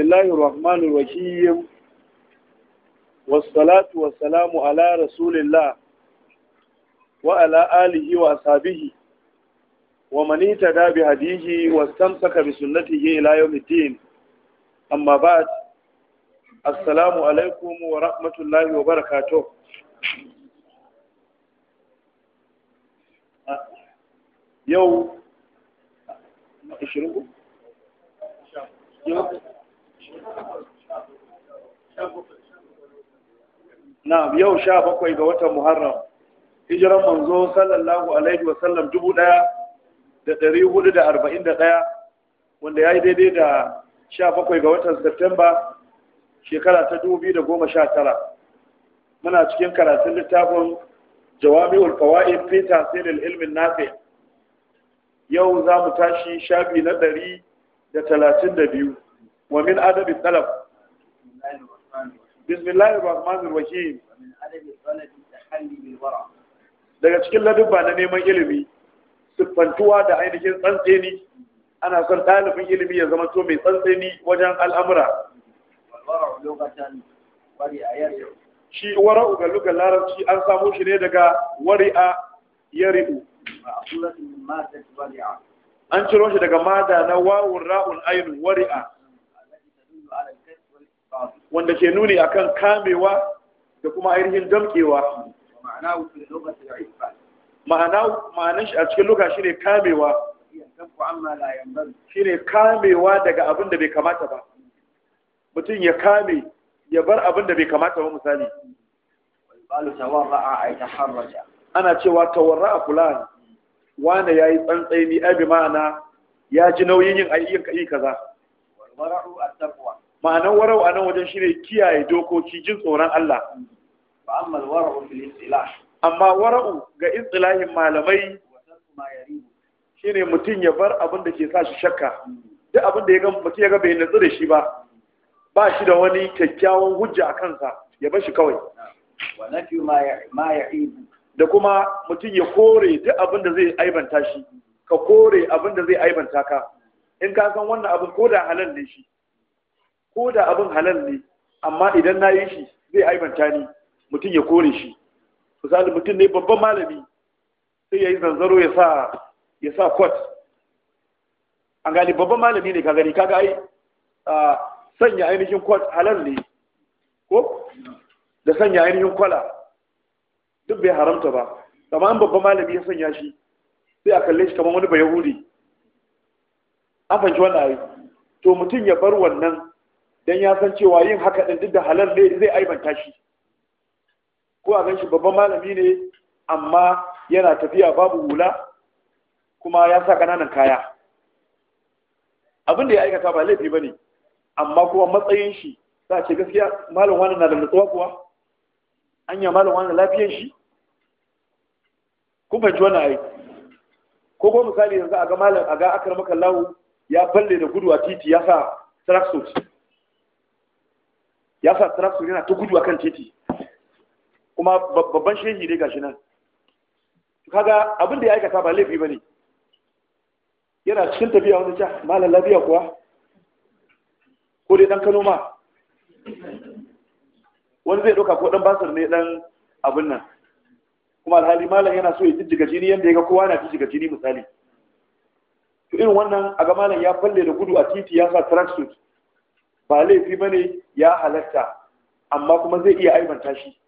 الله الرحمن الرحيم والصلاة والسلام على رسول الله وعلى آله وأصحابه ومن اهتدى بهديه واستمسك بسنته إلى يوم الدين أما بعد السلام عليكم ورحمة الله وبركاته يوم 20 yau na yau sha bakwai ga watan muharram hijiran manzo sallallahu alaihi wasallam dubu ɗaya da dari hudu da arba'in da ɗaya wanda ya yi daidai da sha bakwai ga watan Septemba shekara ta dubu biyu da goma sha tara muna cikin karatun littafin jawami'ul fawa'id fi tasirin ilmin nafe yau za mu tashi shafi na ɗari da talatin da biyu wa min adabi talab bismillahir rahmanir rahim daga cikin ladubba na neman ilimi siffantuwa da ainihin tsantseni ana son ɗalibin ilimi ya zama to mai tsantseni wajen al'amura shi wara'u ga lugar larabci an samo shi ne daga wari'a yari'u an ciro shi daga mada na wawun ra'un ainihin wari'a wanda ke nuni akan kamewa da kuma ainihin damkewa ma'ana a cikin loka shi ne kamewa shi ne kamewa daga abin da bai kamata ba mutum ya kame ya bar abin da bai kamata ba misali ana cewa tawarra a kula wane ya yi tsantsaini abi ma'ana ya ji nauyin yin ayyukan kaza ma'anan warau a nan wajen shi ne kiyaye dokoki jin tsoron Allah amma wara'u ga istilahin malamai shi ne mutum ya bar abin da ke sa shi shakka duk abin da ya ga mutum ya ga bai natsu da shi ba ba shi da wani kyakkyawan hujja a kansa ya bar shi kawai da kuma mutum ya kore duk abin da zai aibanta shi ka kore abin da zai aibanta ka in ka san wannan abin ko da halal ne shi ko da abin halal ne amma idan na yi shi zai aibanta ni mutum ya kore shi misali mutum ne babban malami sai ya yi zanzaro ya sa ya sa kwat an gani babban malami ne ka gani kaga ai sanya ainihin kwat halal ne ko da sanya ainihin kwala duk bai haramta ba amma an babban malami ya sanya shi sai a kalle shi kamar wani bayahudi an fanci wannan ai to mutum ya bar wannan dan ya san cewa yin haka ɗin duk da halar ne zai aibanta shi ko a ganshi babban malami ne amma yana tafiya babu hula kuma ya sa kananan kaya abin da ya aikata ba laifi bane amma kuma matsayin shi za a ce gaskiya malam wani na da nutsuwa kuwa anya malam wani lafiyan shi kuma ji wannan aiki. ko ko misali yanzu a ga malam a ga akar makallahu ya falle da gudu a titi ya sa tracksuit ya sa tractor yana ta gudu akan titi kuma babban shehi ne gashi nan kaga abin da ya aikata ba laifi bane yana cikin tafiya wani ja malam labiya kuwa ko dai dan Kano ma wani zai ɗauka ko ɗan basir ne dan abin nan kuma alhali malam yana so ya jijjiga jini yadda ya ga kowa na jijjiga jini misali irin wannan a ga malam ya falle da gudu a titi ya sa tracksuit ba laifi ba ne ya halatta amma kuma zai iya aibanta shi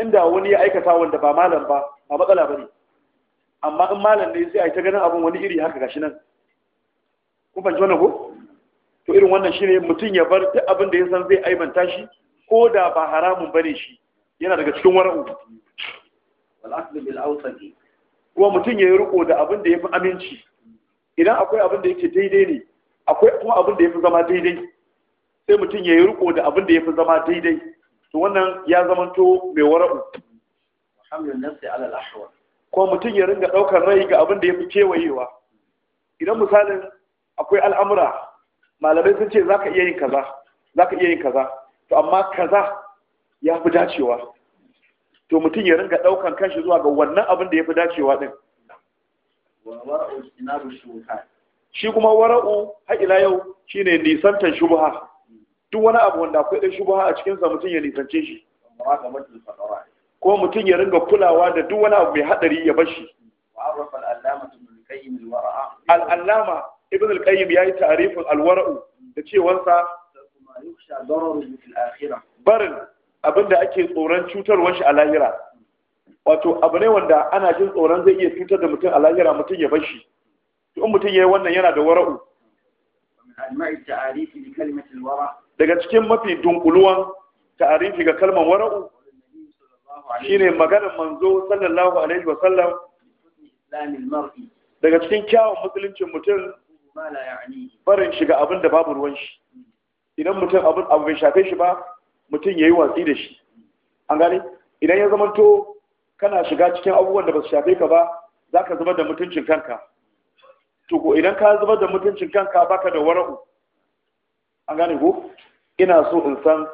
inda wani ya aikata wanda ba malam ba ba matsala ba ne amma in malam ne sai a yi ta ganin abin wani iri haka gashi nan kuma ji wani ko to irin wannan shine mutum ya bar duk abin da ya san zai aibanta shi ko da ba haramun ba ne shi yana daga cikin wara'u kuma mutum ya yi riko da abin da ya fi aminci idan akwai abin da yake daidai ne akwai kuma abin da ya fi zama daidai sai mutum ya yi riko da abin da ya fi zama daidai to wannan ya zama to mai wara'u kuma mutum ya ringa ɗaukar rai ga abin da ya fi kewayewa idan misalin akwai al'amura malamai sun ce za ka iya yin kaza za ka iya yin kaza to amma kaza ya fi dacewa to mutum ya ringa ɗaukan kanshi zuwa ga wannan abin da ya fi dacewa ɗin shi kuma wara'u har ila yau shine nisantan shubha duk wani abu wanda akwai ɗan shubha a cikinsa mutum ya nisance shi ko mutum ya ringa kulawa da duk wani abu mai hadari ya bar shi al'allama ibn al-qayyim ya yi ta'arifin alwara'u da cewansa barin abinda ake tsoron cutarwar shi a lahira wato abu ne wanda ana jin tsoron zai iya cutar da mutum a lahira mutum ya bar shi in mutum yayi wannan yana da wara'u daga cikin mafi dunkuluwan ta'arifi ga kalmar wara'u shine maganar manzo sallallahu alaihi wa sallam daga cikin kyawun musuluncin mutum barin shiga abin da babu ruwan shi idan mutum abin abu bai shafe shi ba mutum ya yi watsi da shi an gane idan ya zamanto kana shiga cikin abubuwan da ba su shafe ka ba za ka zama da mutuncin kanka to ko idan ka zubar da mutuncin kanka baka da wara'u an gane ku ina so in san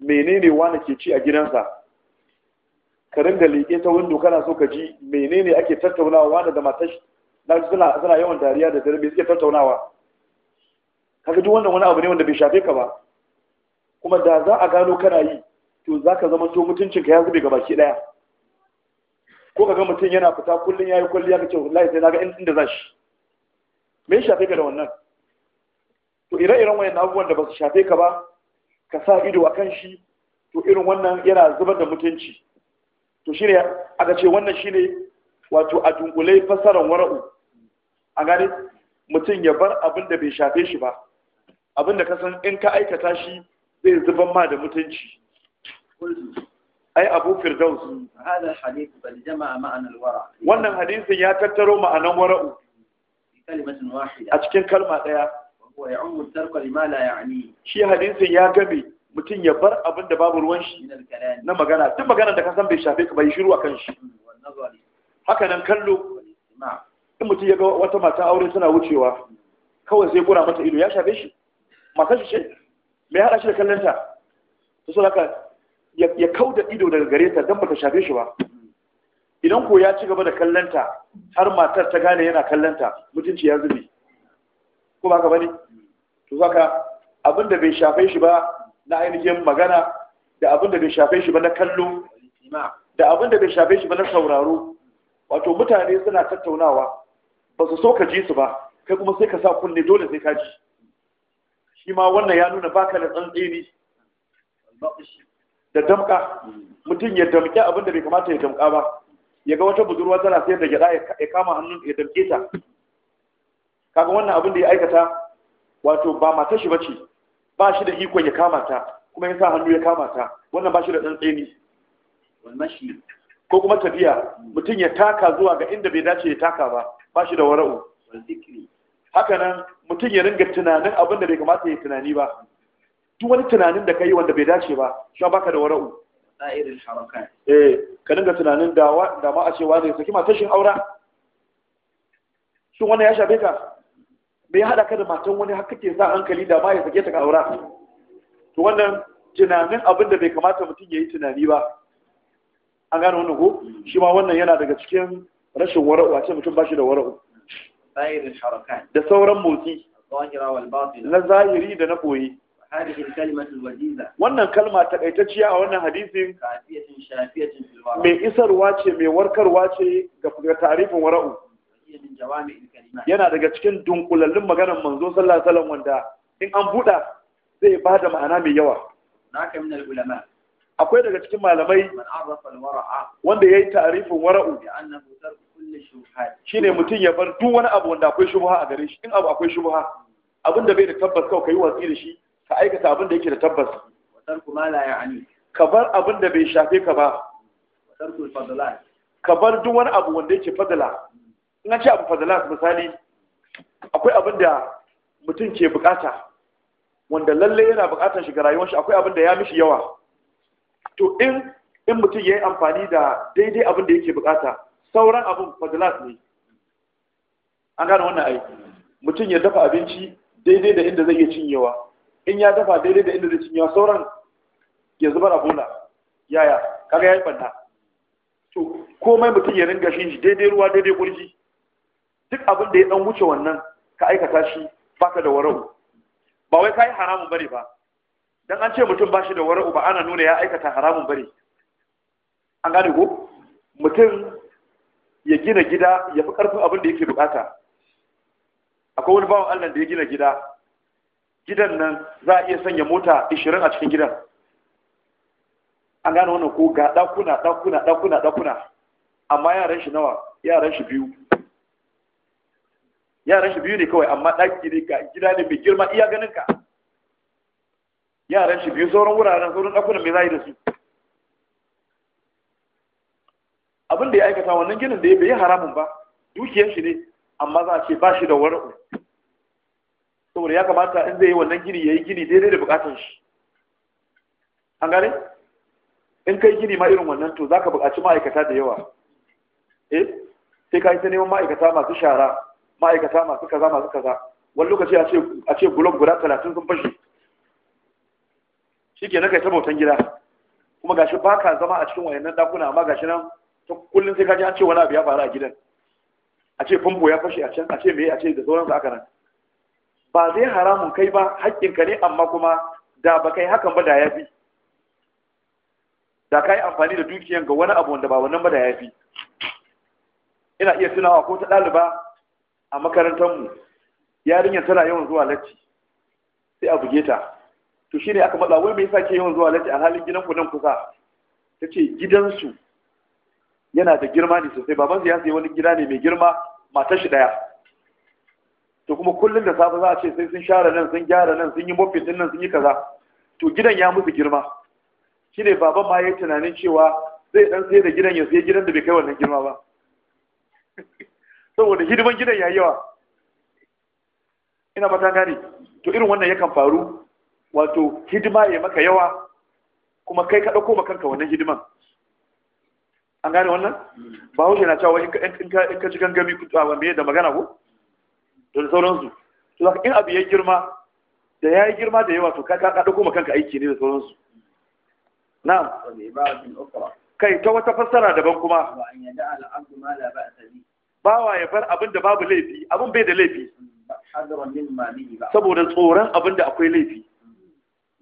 menene wani ke ci a gidansa ka ringa leƙe ta windo kana so ka ji menene ake tattaunawa wani da matar na suna suna yawan dariya da dare me suke tattaunawa Ka duk wannan wani abu ne wanda bai shafe ka ba kuma da za a gano kana yi to za ka zama to mutuncinka ya zube ga baki daya ko ka ga mutum yana fita kullum ya yi kwalliya ka ce wallahi sai na ga inda za shi me shafe ka da wannan to ire-iren wayan abubuwan da ba su shafe ka ba ka sa ido a kan shi to irin wannan yana zubar da mutunci to shine aka ce wannan shine wato a dunkule fasaran wara'u a gane mutum ya bar abin da bai shafe shi ba abin da ka san in ka aikata shi zai zuban ma da mutunci ai abu firdaus wannan hadisin ya tattaro ma'anan wara'u a cikin kalma ɗaya shi hadisin ya gami mutum ya bar abin da babu ruwan shi na magana duk magana da kasan bai shafe ka bai shiru a kan shi haka nan kallo in mutum ya ga wata mata aure tana wucewa kawai sai kura mata ido ya shafe shi mata shi ce mai haɗa shi da kallonta ta so haka ya kauda ido daga gare ta don ta shafe shi ba idan ko ya ci gaba da kallanta har matar ta gane yana kallanta mutunci ya zube ko ba ka bane to saka abin da bai shafe shi ba na ainihin magana da abin da bai shafe shi ba na kallo da abin da bai shafe shi ba na sauraro wato mutane suna tattaunawa ba su so ka ji su ba kai kuma sai ka sa kunne dole sai ka ji shi ma wannan ya nuna baka da tsantseni da damka mutum ya damke abin da bai kamata ya damka ba ya ga wata budurwa tana sayar da gyada ya kama hannun ya dauke ta kaga wannan abin da ya aikata wato ba mata shi bace ba shi da ikon ya kama ta kuma ya sa hannu ya kama ta wannan ba shi da tsantseni ko kuma tafiya mutum ya taka zuwa ga inda bai dace ya taka ba ba shi da wara'u Haka nan, mutum ya ringa tunanin abin da bai kamata ya tunani ba duk wani tunanin da ka yi wanda bai dace ba shi ka da wara'u sa'irin harakat eh ka dinga tunanin da da ma a ce zai saki matar shin aura shin wannan ya shafe ka me ya hada ka da matan wani har kake sa hankali da ba ya sake ta ka aura to wannan tunanin abin da bai kamata mutum ya yi tunani ba an gane wannan ko shi ma wannan yana daga cikin rashin wara'u a ce mutum ba shi da wara'u da sauran motsi na zahiri da na koyi هذه الكلمة الوجيزة wannan kalma takaitacciya a wannan hadisin kafiyatin mai isarwa ce mai warkarwa ce ga tarifin wara'u yana daga cikin dunkulallin maganar manzo sallallahu alaihi wasallam wanda in an buɗa zai ba da ma'ana mai yawa akwai daga cikin malamai wanda ya yi tarifin wara'u Shi ne mutum ya bar duk wani abu wanda akwai shubha a gare shi in abu akwai shubha abinda bai da tabbas kawai kai watsi da shi ka aikata abin da yake da tabbas ka bar abin da bai shafe ka ba ka bar duk wani abu wanda yake fadala in an ce abu fadala misali akwai abin da mutum ke bukata wanda lalle yana bukatar shiga rayuwar shi akwai abin da ya mishi yawa to in in mutum ya yi amfani da daidai abin da yake bukata sauran abin fadalat ne an gane wannan aiki. mutum ya dafa abinci daidai da inda zai iya cinyewa in ya dafa daidai da inda zai cinye sauran ya zubar a gona yaya kaga yayi banna to komai mutum ya ringa shi daidai ruwa daidai kurji duk abin da ya dan wuce wannan ka aikata shi baka da wara'u ba wai kai haramun bane ba dan an ce mutum bashi da wara'u ba ana nuna ya aikata haramun bane an gane ko mutum ya gina gida ya fi karfin abin da yake bukata akwai wani bawan Allah da ya gina gida gidan nan za a iya sanya mota 20 a cikin gidan an gane wannan ko ga dakuna, dakuna, dakuna, dakuna amma yaran shi nawa yaran shi biyu yaran shi biyu ne kawai amma ɗaki ne ka gida ne mai girma iya ganin ka yaran shi biyu sauran wuraren sauran dakuna mai zai da su abin da ya aikata wannan ginin da ya bai haramun ba dukiyar shi ne amma za a ce ba shi da wara'u saboda ya kamata in zai yi wannan gini ya yi gini daidai da bukatun shi an gane in kai gini ma irin wannan to za ka buƙaci ma'aikata da yawa eh sai ka yi ta neman ma'aikata masu shara ma'aikata masu kaza masu kaza wani lokaci a ce bulon guda talatin sun fashe shi ke na kai ta bautan gida kuma gashi ba ka zama a cikin wayannan dakuna amma gashi nan ta kullum sai ka ji an ce wani abu ya faru a gidan a ce fumbo ya fashe a can a ce me a ce da sauransu aka nan ba zai haramun kai ba haƙƙinka ne amma kuma da ba kai hakan ba da ya fi da ka yi amfani da dukiyan ga wani abu wanda ba wannan ba da ya fi ina iya tunawa ko ta ɗaliba a makarantarmu yarinyar tana yawan zuwa lacci sai a buge ta to shine aka matsa wai mai sake yawan zuwa lacci a halin ku nan kusa ta ce gidansu yana da girma ne sosai baban ya sayi wani gida ne mai girma matar shi ɗaya to kuma kullum da safe za a ce sai sun share nan sun gyara nan sun yi mofin din nan sun yi kaza to gidan ya musu girma ne baban ma yi tunanin cewa zai dan sai da gidan ya sai gidan da bai kai wannan girma ba saboda hidiman gidan ya yi yawa ina fata gani, to irin wannan yakan faru wato hidima ya maka yawa kuma kai ka dauko kanka wannan hidiman an gane wannan mm. ba hushe na cewa in ka ji gangami kuta me da magana ko da sauransu to zaka in abu ya girma da ya yi girma da yawa to ka ka dauko kanka aiki ne da sauransu na'am kai ta wata fassara daban kuma bawa ya bar abin da babu laifi abin bai da laifi saboda tsoron abin da akwai laifi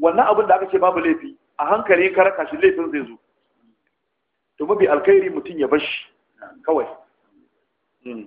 wannan abin da aka ce babu laifi a hankali ka raka shi laifin zai zo to mafi alkhairi mutum ya bar shi kawai hmm.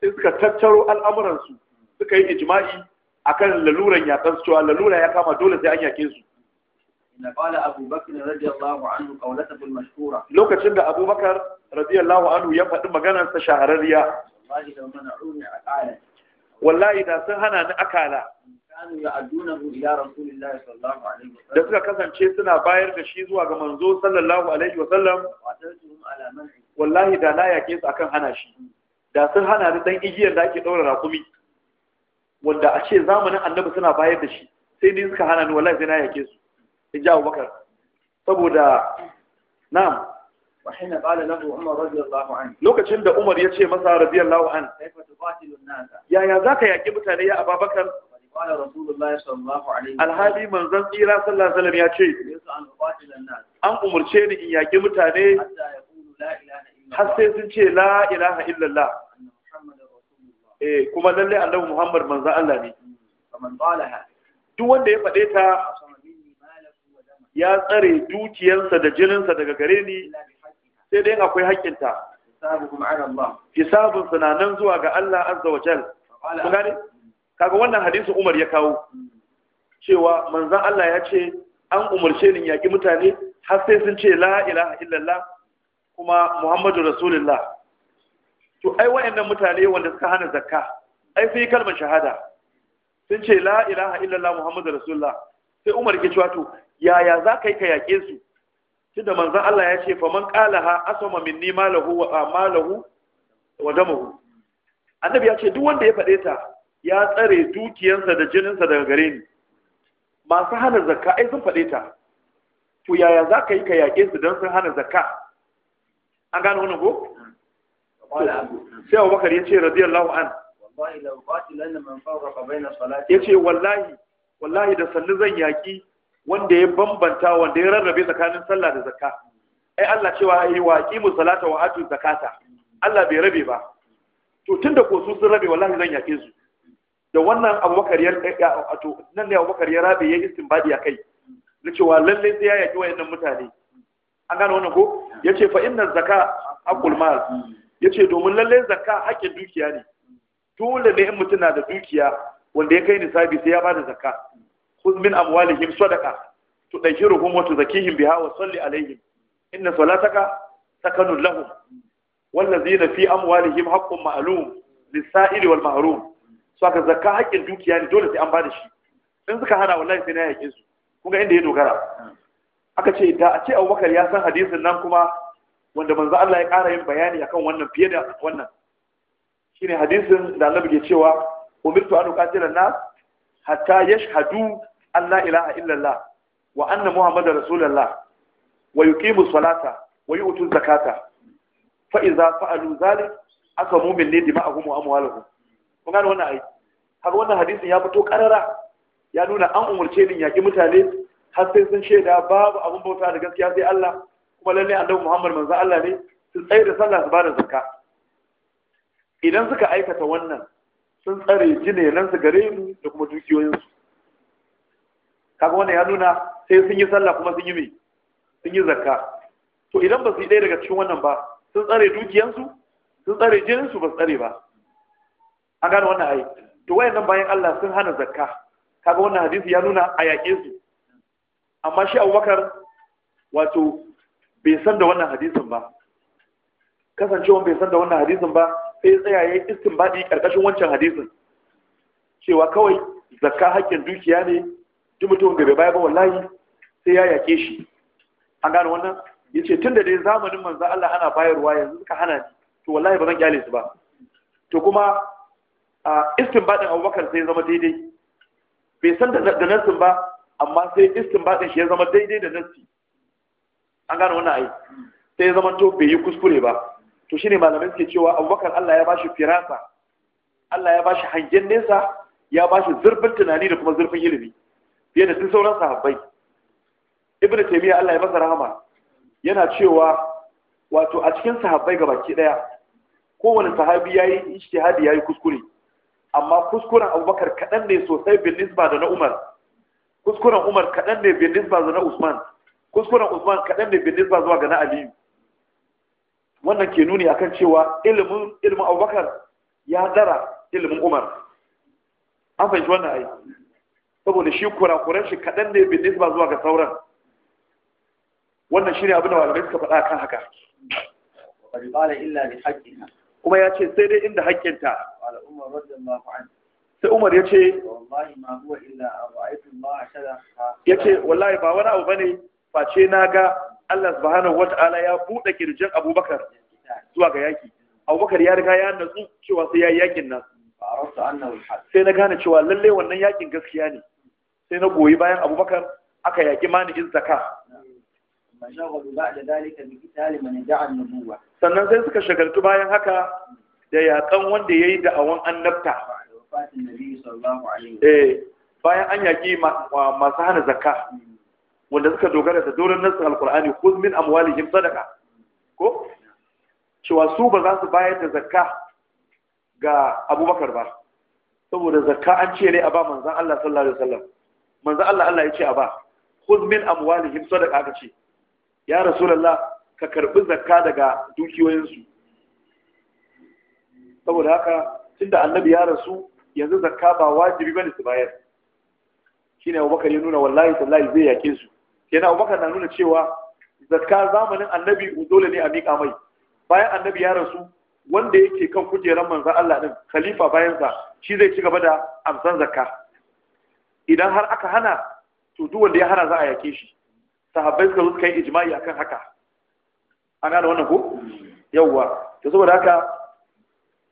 sai suka tattaro al'amuransu suka yi ijma'i akan laluran yakan su cewa lalura ya kama dole sai an yake su lokacin da abubakar radiyallahu anhu ya faɗi maganarsa shahararriya wallahi da sun hana ni akala da suka kasance suna bayar da shi zuwa ga manzo sallallahu alaihi wasallam wallahi da na yake su akan hana shi da sun hana da dan igiyar da ake daura rakumi wanda a ce zamanin annabi suna bayar da shi sai ni suka hana ni wallahi sai na yake su in ji abubakar saboda na'am wa hina qala lahu umar radiyallahu anhu lokacin da umar ya ce masa radiyallahu anhu kaifa tuqatilu an-nasa yaya zaka yaki mutane ya Abubakar qala rasulullahi sallallahu alaihi tsira sallallahu alaihi wasallam ya ce an umurce ni in yaki mutane hatta har sai sun ce la ilaha illallah eh kuma lalle annabi Muhammad manzo Allah ne duk wanda ya faɗe ta ya tsare dukiyarsa da jininsa daga gare ni sai dai akwai haƙƙinta hisabun nan zuwa ga Allah azza wa jal kaga wannan hadisin Umar ya kawo cewa manzo Allah ya ce an umarce ni yaki mutane har sai sun ce la ilaha illallah kuma muhammadu rasulullah to ai wayannan mutane wanda suka hana zakka ai sai kalmar shahada sun ce la ilaha illallah muhammadu rasulullah sai umar ke cewa to yaya za ka yi ka yaƙe su da manzon Allah ya ce faman qalaha asama minni malahu wa amalahu ah, wa damahu annabi ya ce duk wanda ya faɗe ta ya tsare dukiyarsa da jininsa daga gare ni masu hana zakka ai sun faɗe ta to yaya za ka yi ka yaƙe su don sun hana zakka an gano wani ko sai abubakar ya ce radiyallahu an ya ce wallahi wallahi da sallu zan yaki wanda ya bambanta wanda ya rarrabe tsakanin sallah da zakka ai Allah cewa yi waƙi mu salata wa atu zakata Allah bai rabe ba to tunda ko su sun rabe wallahi zan yake su da wannan abubakar ya to nan ne abubakar ya rabe ya istinbadi a kai na cewa lallai sai ya yaki wayannan mutane an gano wannan ko ya ce fa'in na zaka haƙul mal ya ce domin lalle zaka haƙƙin dukiya ne dole ne in mutum na da dukiya wanda ya kai nisabi sai ya ba da zaka khudh min amwalihim sadaqa biya wa tuzakkihim biha wa salli alaihim inna salataka sakanun lahum na fi amwalihim haqqun ma'alum lis wal ma'arum so aka zaka haƙin dukiya ne dole sai an ba da shi in suka hana wallahi sai na yaƙe su kuma inda ya dogara aka ce da a ce abubakar ya san hadisin nan kuma wanda manzo Allah ya ƙara yin bayani akan wannan fiye da wannan shine hadisin da Allah ke cewa umirtu an uqatila nas hatta yashhadu an la ilaha illallah wa anna muhammadar rasulullah wa yuqimu salata wa yu'tu zakata fa idza fa'alu zalik aka mumin ne dima'ahum wa amwaluhum kun gane wannan ai haka wannan hadisin ya fito karara ya nuna an umurce din yaki mutane har sai sun shaida babu abin bauta da gaskiya sai Allah kuma lalle annabi Muhammad manzo Allah ne su tsaye da sallah su bada zakka idan suka aikata wannan sun tsare nan su gare mu da kuma su kaga wannan ya nuna sai sun yi sallah kuma sun yi me sun yi zakka to idan ba su yi ɗaya daga cikin wannan ba sun tsare su sun tsare su ba su tsare ba an gane wannan ayi to wayannan bayan Allah sun hana zakka kaga wannan hadisi ya nuna a yaƙe su amma shi abubakar wato bai san da wannan hadisin ba Kasancewa bai san da wannan hadisin ba sai tsaya ya yi baɗi ƙarƙashin wancan hadisin cewa kawai zakka haƙƙin dukiya ne duk mutum bai baya ba wallahi sai ya yaƙe shi an gane wannan ya ce tun da dai zamanin manzan Allah ana bayarwa yanzu suka hana ni to wallahi ba zan kyale su ba to kuma a baɗin abubakar sai zama daidai bai san da nasin ba amma sai istinbatin shi ya zama daidai da nassi an gano wannan ai sai ya zama to bai yi kuskure ba to shine malamai suke cewa abubakar Allah ya bashi firasa Allah ya bashi hangen nesa ya bashi zurfin tunani da kuma zurfin ilimi fiye da duk sauran sahabbai ibnu taymiya Allah ya masa rahama yana cewa wato a cikin sahabbai gabaki daya kowane sahabi yayi ya yi kuskure amma kuskuren abubakar kaɗan ne sosai bin nisba da na umar kuskuren umar kaɗan ne bin nisba zuwa na usman kuskuren usman kaɗan ne bin nisba zuwa ga na aliyu wannan ke nuni akan cewa ilimin ilimin abubakar ya dara ilimin umar an fahimci wannan ai saboda shi kurakuran shi kaɗan ne bin nisba zuwa ga sauran wannan shi ne abin da malamai suka faɗa kan haka kuma ya ce sai dai inda haƙƙinta sai umar ya ce ya ce wallahi ba wani abu bane face na ga Allah subhanahu wata'ala ya buɗe kirjin abubakar zuwa ga yaki abubakar ya riga ya natsu cewa sai ya yi yakin nan sai na gane cewa lalle wannan yakin gaskiya ne sai na goyi bayan abubakar aka yaƙi mani in zaka sannan sai suka shagaltu bayan haka da yakan wanda ya yi da'awan annabta eh bayan an yaki masu hana zakka wanda suka dogara da doron nasu alkur'ani ko min jim sadaka ko cewa su ba za su bayar da zakka ga abubakar ba saboda zakka an ce ne a ba manzan Allah sallallahu alaihi wasallam manzan Allah Allah ya ce a ba khudh min amwalihim sadaka aka ce ya rasulullah ka karbi zakka daga dukiyoyinsu saboda haka tunda annabi ya rasu yanzu zakka ba wajibi bane su bayar shine Abubakar ya nuna wallahi tallahi zai yake su yana Abubakar na nuna cewa zakka zamanin annabi dole ne a mika mai bayan annabi ya rasu wanda yake kan kujerar manzon Allah din khalifa bayan sa shi zai ci gaba da amsan zakka idan har aka hana to duk wanda ya hana za a yake shi sahabbai suka zo suka ijma'i akan haka an da wannan ko yawwa to saboda haka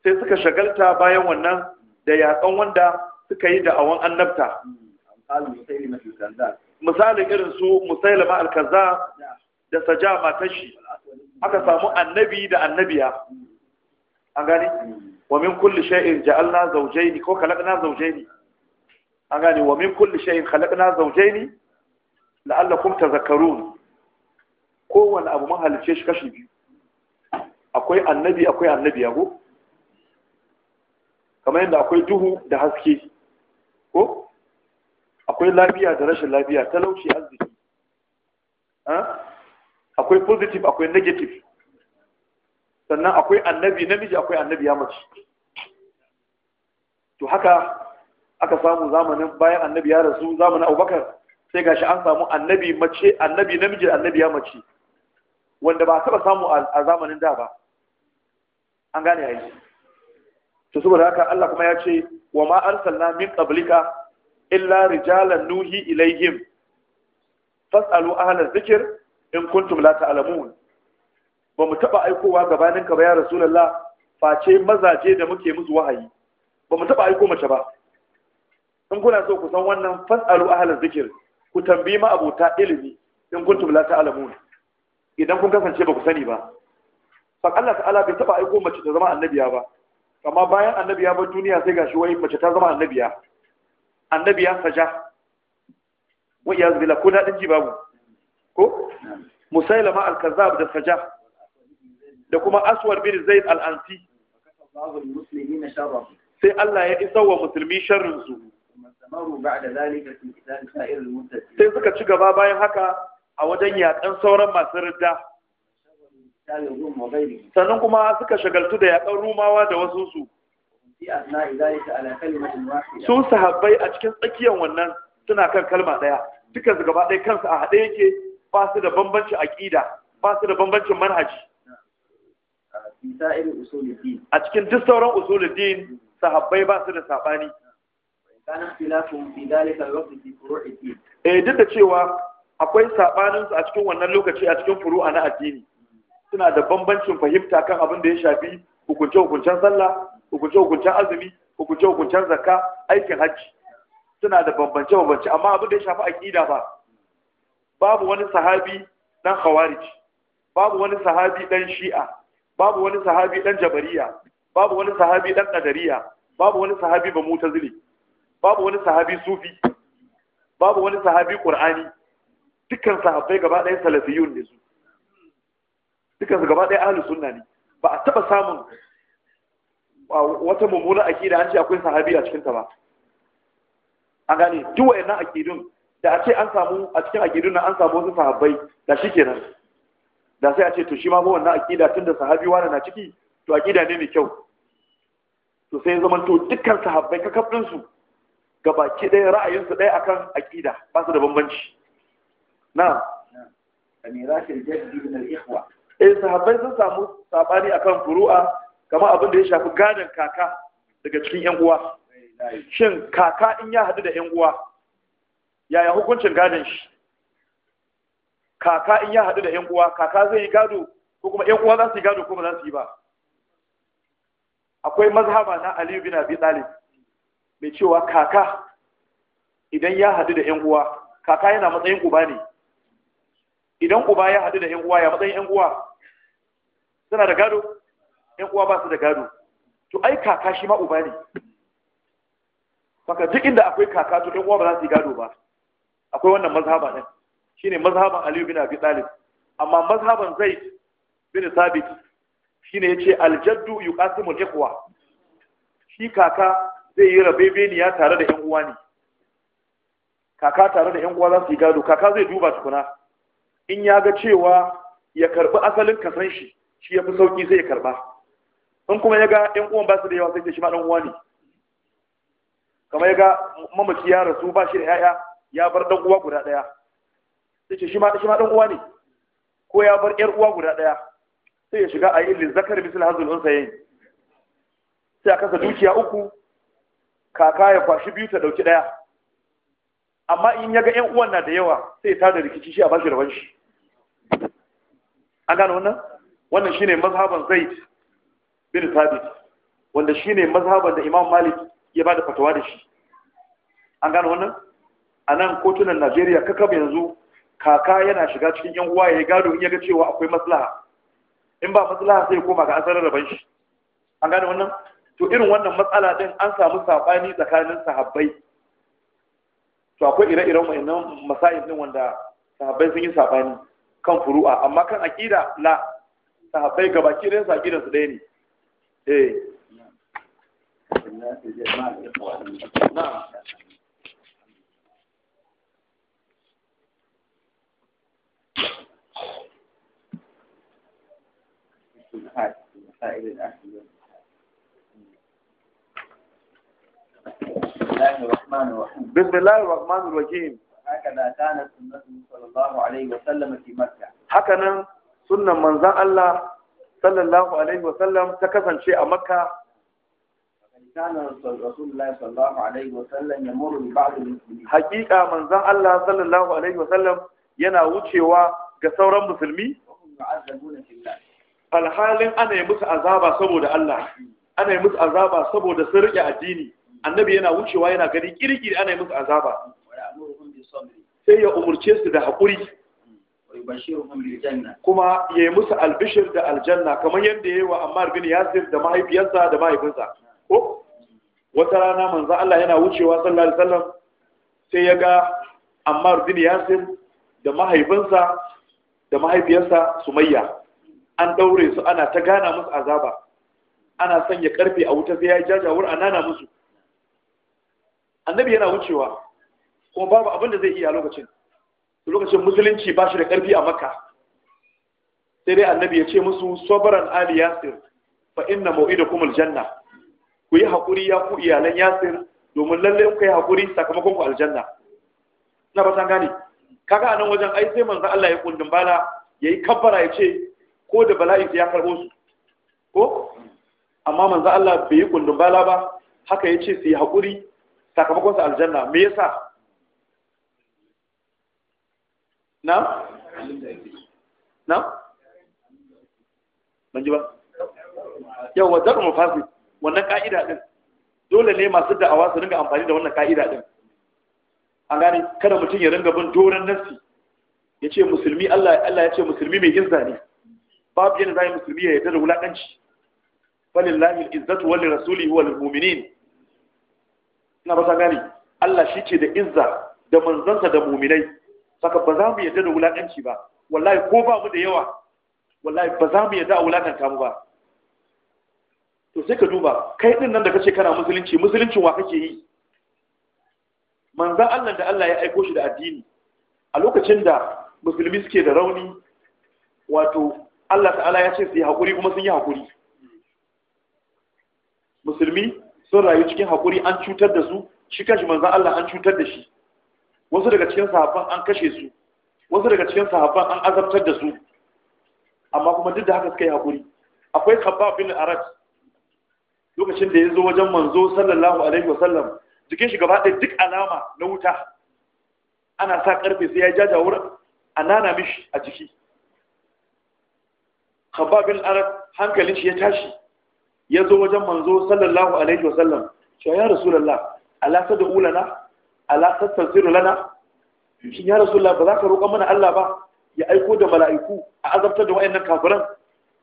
sai suka shagalta bayan wannan da yakan wanda suka yi da'awan annabta misalin irin su musailama al da saja matar shi aka samu annabi da annabiya an gani hmm. wa min kulli shay'in ja'alna zawjayn ko khalaqna zawjayn an gani wa min kulli shay'in khalaqna zawjayn la'allakum tadhakkarun kowanne abu mun shi kashi biyu akwai annabi akwai annabiya ko kamar yadda akwai duhu da haske ko akwai lafiya da rashin lafiya talauci arziki akwai positive akwai negative sannan akwai annabi namiji akwai annabi ya mace to haka aka samu zamanin bayan annabi ya rasu zamanin abubakar sai gashi an samu annabi mace annabi namiji annabi ya mace wanda ba a taba samu a zamanin da ba an gane yayi to saboda haka Allah kuma ya ce wa ma arsalna min qablika illa rijalan nuhi ilaihim fasalu ahla dhikr in kuntum la ta'lamun ba mu taba aikowa gabanin ka ba ya rasulullah face mazaje da muke musu wahayi ba mu taba aiko mace ba in kuna so ku san wannan fasalu ahla dhikr ku tambayi ma abota ilimi in kuntum la ta'lamun idan kun kasance ba ku sani ba fa Allah ta'ala bai taba aiko mace ta zama annabiya ba amma bayan annabi ya bar duniya sai gashi wai mace ta zama annabiya annabiya saja wa ya zila ko da ji babu ko musailama al-kazzab da saja da kuma aswar bin zaid al-ansi sai Allah ya isa wa musulmi sharrin su sai suka ci gaba bayan haka a wajen yaƙan sauran masu ridda sannan kuma suka shagaltu da yaƙar rumawa da wasu su su sahabbai a cikin tsakiyar wannan suna kan kalma ɗaya dukkan su gaba ɗaya kansu a haɗe yake ba su da bambancin aƙida ba su da bambancin manhaji a cikin duk sauran usulun din, sahabbai ba su da saɓani eh duk da cewa akwai saɓaninsu a cikin wannan lokaci a cikin furu'a na addini suna da bambancin fahimta kan abin da ya shafi hukunce-hukuncen sallah hukunce-hukuncen azumi hukunce-hukuncen zakka aikin hajji suna da bambance-bambance amma abin da ya shafi aƙida ba babu wani sahabi dan khawarij babu wani sahabi dan shi'a babu wani sahabi dan jabariya babu wani sahabi dan qadariya babu wani sahabi ba mutazili babu wani sahabi sufi babu wani sahabi qur'ani dukkan sahabbai gaba ɗaya salafiyun ne su dukansu gaba ɗaya ahlus sunna ne ba a taɓa samun wata mummuna akida an ce akwai sahabi a cikinta ba A gane duk wayannan akidun da a ce an samu a cikin akidun na an samu wasu sahabbai da shi kenan da sai a ce to shi ma wannan akida tun da sahabi wani na ciki to akida ne mai kyau to sai zaman to dukkan sahabbai kakafin su ga baki ɗaya ra'ayinsu ɗaya akan akida ba su da bambanci na amirashin jaddi na al-ikhwa eh sahabbai sun samu sabani akan furu'a kama abin da ya shafi gadon kaka daga cikin yan uwa shin kaka in ya hadu da yan uwa yaya hukuncin gadon shi kaka in ya hadu da yan uwa kaka zai yi gado ko kuma yan uwa za su yi gado ko ba za su yi ba akwai mazhaba na Aliyu bin Abi Talib mai cewa kaka idan ya hadu da yan uwa kaka yana matsayin uba ne idan uba ya hadu da yan uwa ya matsayin yan uwa suna da gado ɗan uwa ba su da gado to ai kaka shi ma uba ne Baka duk inda akwai kaka to ƴan uwa ba za su yi gado ba akwai wannan mazhaba din shine mazhaban Aliyu bin Abi Talib amma mazhaban zai bin Sabit shine yace aljaddu yuqasimul ikhwa shi kaka zai yi rabebeniya tare da ƴan uwa ne kaka tare da ƴan uwa za su yi gado kaka zai duba tukuna in ya ga cewa ya karbi asalin kasan shi shi ya fi sauki sai ya karba in kuma ya ga yan uwan ba su da yawa sai ce shi maɗan wani uwa ne ya ga mamaki ya rasu ba shi da yaya ya bar ɗan uwa guda ɗaya. sai ce shi ma shi ma uwa ne ko ya bar yar uwa guda ɗaya? sai ya shiga a yi lil zakar misal hazul unsayin sai a kasa dukiya uku kaka ya kwashi biyu ta dauki ɗaya. amma in ya ga yan uwan na da yawa sai ya tada rikici shi a bashi rawan shi an gano wannan wannan shine mazhaban zaid bin thabit wanda shine mazhaban da imam malik ya bada fatawa da shi an gano wannan a nan kotunan najeriya kakab yanzu kaka yana shiga cikin yan uwa ya gado in ya ga cewa akwai maslaha in ba maslaha sai ya koma ga asarar raban shi an gano wannan to irin wannan matsala din an samu sabani tsakanin sahabbai to akwai ire-iren wayannan masayin din wanda sahabbai sun yi sabani kan furu'a amma kan aqida la sahabbai ga saki da su ɗaya ne بسم الله الرحمن الرحيم هكذا كانت النبي صلى الله عليه وسلم في مكة هكذا sunan manzan Allah sallallahu alaihi wa sallam ta kasance a Makka كان manzan Allah sallallahu alaihi عليه وسلم يمر ببعض ga sauran musulmi alhalin ana yi musu azaba saboda Allah ana yi musu azaba saboda sun rike addini annabi yana wucewa yana gani kirkiri ana yi musu azaba sai ya umurce su da haƙuri kuma ya yi musu albishir da aljanna kamar yadda ya yi wa ammar bin yasir da mahaifiyarsa da mahaifinsa ko wata rana manzo Allah yana wucewa sallallahu alaihi wasallam sai ya ga ammar bin yasir da mahaifinsa da mahaifiyarsa sumayya an daure su ana ta gana musu azaba ana sanya karfe a wuta sai ya jajawur a nana musu annabi yana wucewa kuma babu abin da zai iya lokacin lokacin musulunci ba shi da ƙarfi a maka. sai dai annabi ya ce musu sobaran ali yasir fa inna kuma aljanna ku yi haƙuri ya ku iyalan yasir domin lalle ku yi haƙuri sakamakon ku aljanna ina ba san gane kaga anan wajen ai sai manzo Allah ya kundin bala yayi kabbara ya ce ko da bala'i ya karbo su ko amma manzo Allah bai yi kundin bala ba haka ya ce su yi haƙuri sakamakon su aljanna me yasa na na ban ji ba yau wa zarru mafasi wannan ka'ida din dole ne masu da'awa su ringa amfani da wannan ka'ida din an gane kada mutum ya ringa bin doron nassi ya ce musulmi Allah Allah ya ce musulmi mai izza ne babu yadda zai musulmi ya yarda da wulakanci falillahi izzatu wal rasulihi wal mu'minin ina ba ta gane Allah shi ce da izza da manzansa da mu'minai saka ba za mu yarda da wulakanci ba wallahi ko ba mu da yawa wallahi ba za mu yarda a wulakanta mu ba to sai ka duba kai din nan da kace kana musulunci musulunci wa kake yi manzan Allah da Allah ya aiko shi da addini a lokacin da musulmi suke da rauni wato Allah ta'ala ya ce su yi hakuri kuma sun yi hakuri. musulmi sun rayu cikin hakuri an cutar da su shi kashi manzan Allah an cutar da shi wasu daga cikin sahabban an kashe su wasu daga cikin sahabban an azabtar da su amma kuma duk da haka suka yi haƙuri akwai khabbab bin arad lokacin da ya zo wajen manzo sallallahu alaihi wasallam jikin shi gaba ɗaya duk alama na wuta ana sa karfe sai ya jaja wurin anana mishi a jiki khabbab bin arad hankalin shi ya tashi ya zo wajen manzo sallallahu alaihi wasallam cewa ya rasulullah ala sadu ulana ala tattaziru lana shi ya rasu ba za ka roƙa mana Allah ba ya aiko da mala'iku a azabtar da wa'annan kafiran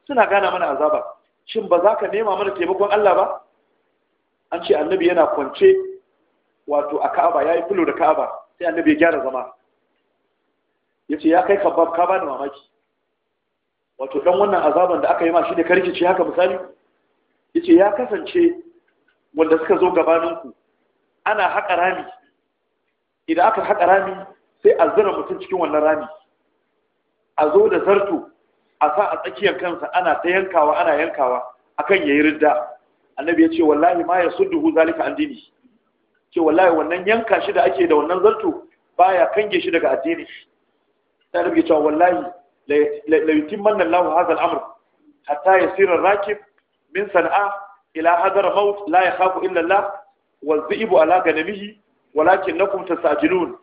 suna gana mana azaba shin ba za ka nema mana taimakon Allah ba an ce annabi yana kwance wato a Ka'aba ya yi fulo da Ka'aba sai annabi ya gyara zama ya ce ya kai kabab ka bani mamaki wato dan wannan azaban da aka yi ma shi ne karkice haka misali ya ce ya kasance wanda suka zo gabaninku ana haƙa rami idan aka haka rami sai a zira mutum cikin wannan rami a zo da zarto a sa a tsakiyar kansa ana ta yankawa ana yankawa akan yayi ridda annabi ya ce wallahi ma ya sudduhu zalika an dini ce wallahi wannan yanka shi da ake da wannan zarto baya kange shi daga addini sai annabi ya ce wallahi la yutimmanna Allahu hadha al-amr hatta yasira ar-rakib min sana'a ila hadar maut la yakhafu illa Allah wal dhi'bu ala ganamihi walakin nakum tasajilun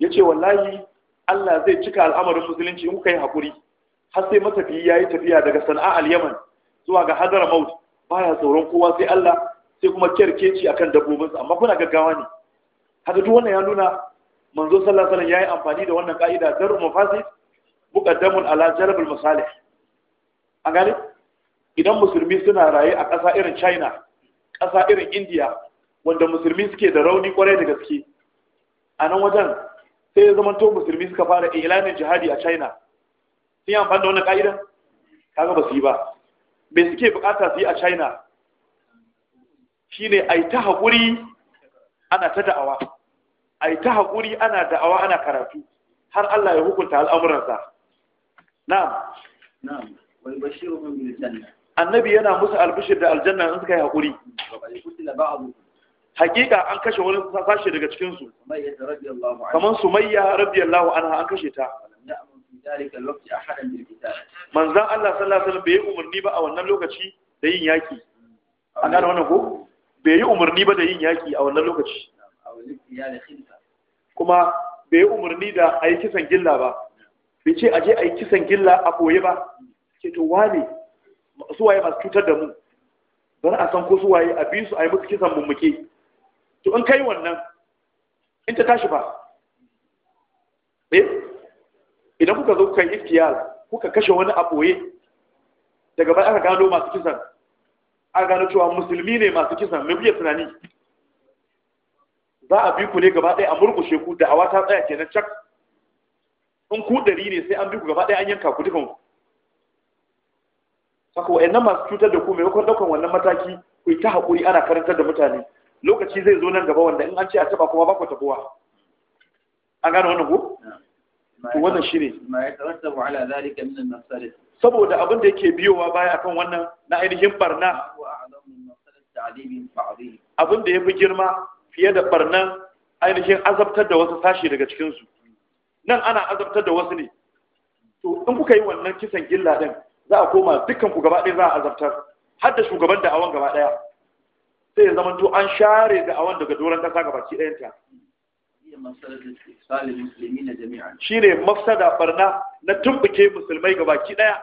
yace wallahi Allah zai cika al'amarin musulunci in kuka yi hakuri har sai matafiyi yayi tafiya daga Sana'a al-Yaman zuwa ga Hadramaut baya tsoron kowa sai Allah sai kuma kerkeci akan dabbobin sa amma kuna gaggawa ne haka duk wannan ya nuna manzo sallallahu alaihi wasallam yayi amfani da wannan ka'ida daru mafasid muqaddamun ala jalbul a idan musulmi suna raye a ƙasa irin China ƙasa irin India wanda musulmi suke da rauni kwarai da gaske a nan wajen sai ya zamanto musulmi suka fara ilanin jihadi a china sun yi amfani da wani ka'idan kaga ba su yi ba me suke bukata su yi a china shine a yi ta haƙuri ana ta da'awa a yi ta haƙuri ana da'awa ana karatu har allah ya hukunta al'amuransa na'am annabi yana musu albishir da aljanna in suka yi haƙuri hakika an kashe wani sashe daga cikin su kamar sumayya radiyallahu anha an kashe ta manzan Allah sallallahu alaihi bai yi umarni ba a wannan lokaci da yin yaki an gane wannan ko bai yi umarni ba da yin yaki a wannan lokaci kuma bai yi umarni da a yi kisan gilla ba bai ce aje a yi kisan gilla a koye ba ce to wane su waye masu cutar da mu bari a san ko su waye a bi su a yi musu kisan mummuke to in kai wannan in ta tashi ba eh idan kuka zo kuka iftiyar kuka kashe wani a boye daga bai aka gano masu kisan aka gano cewa musulmi ne masu kisan mai biya tunani za a bi ku ne gaba ɗaya a murkushe ku da awa ta tsaya kenan cak in ku ɗari ne sai an bi ku gaba ɗaya an yanka ku dukan ku saka wa'annan masu cutar da ku mai kwan ɗaukan wannan mataki ku yi ta haƙuri ana karantar da mutane lokaci zai zo nan gaba wanda in an ce a taba kuma ba ku tabuwa an gano wannan ko to wannan shine ma ya tarattabu ala zalika min al-masalih saboda abin da yake biyowa baya akan wannan na ainihin barna abin da ya fi girma fiye da barnan ainihin azabtar da wasu sashi daga cikinsu nan ana azabtar da wasu ne to in kuka yi wannan kisan gilla din za a koma dukkan ku gaba ɗaya za a azabtar har da shugaban da'awan gaba ɗaya sai ya zama to an share da awon daga doron kasa gabaki ta. shi ne mafsada barna na tumbuke musulmai gabaki ɗaya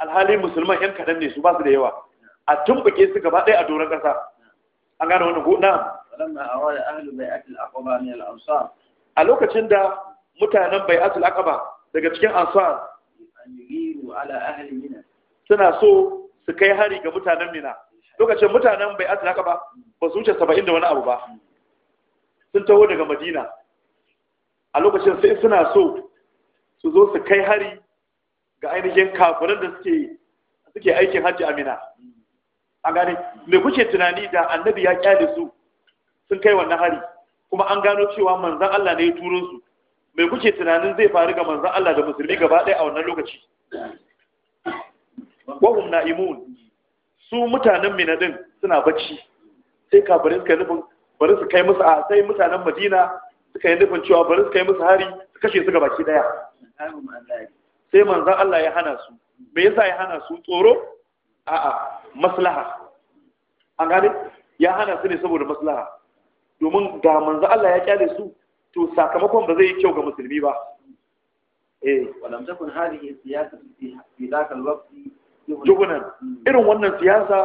alhali musulman yan kaɗan ne su ba su da yawa a tumbuke su gaba ɗaya a doron ƙasa an gane wani hudu na a lokacin da mutanen bai asul akaba daga cikin ansar suna so su kai hari ga mutanen mina lokacin mutanen bai asina haka ba ba su wuce saba'in da wani abu ba sun taho daga madina a lokacin sai suna so su zo su kai hari ga ainihin kafinan da suke aikin hajji amina a gane me kuke tunani da annabi ya kyale su sun kai wannan hari kuma an gano cewa manzan Allah ne ya turo su me kuke tunanin zai faru ga manzan Allah da musulmi gaba ɗaya a wannan lokaci wahum na'imun su mutanen mina din suna bacci sai ka kafirai suka nufin bari su kai musu a sai mutanen madina suka yi nufin cewa bari su kai musu hari su kashe su baki daya sai manzan Allah ya hana su me yasa ya hana su tsoro a'a maslaha an gane ya hana su ne saboda maslaha domin ga manzan Allah ya kyale su to sakamakon ba zai yi kyau ga musulmi ba eh walam takun hadhihi siyasatu fi dhaka al jugunan irin wannan siyasa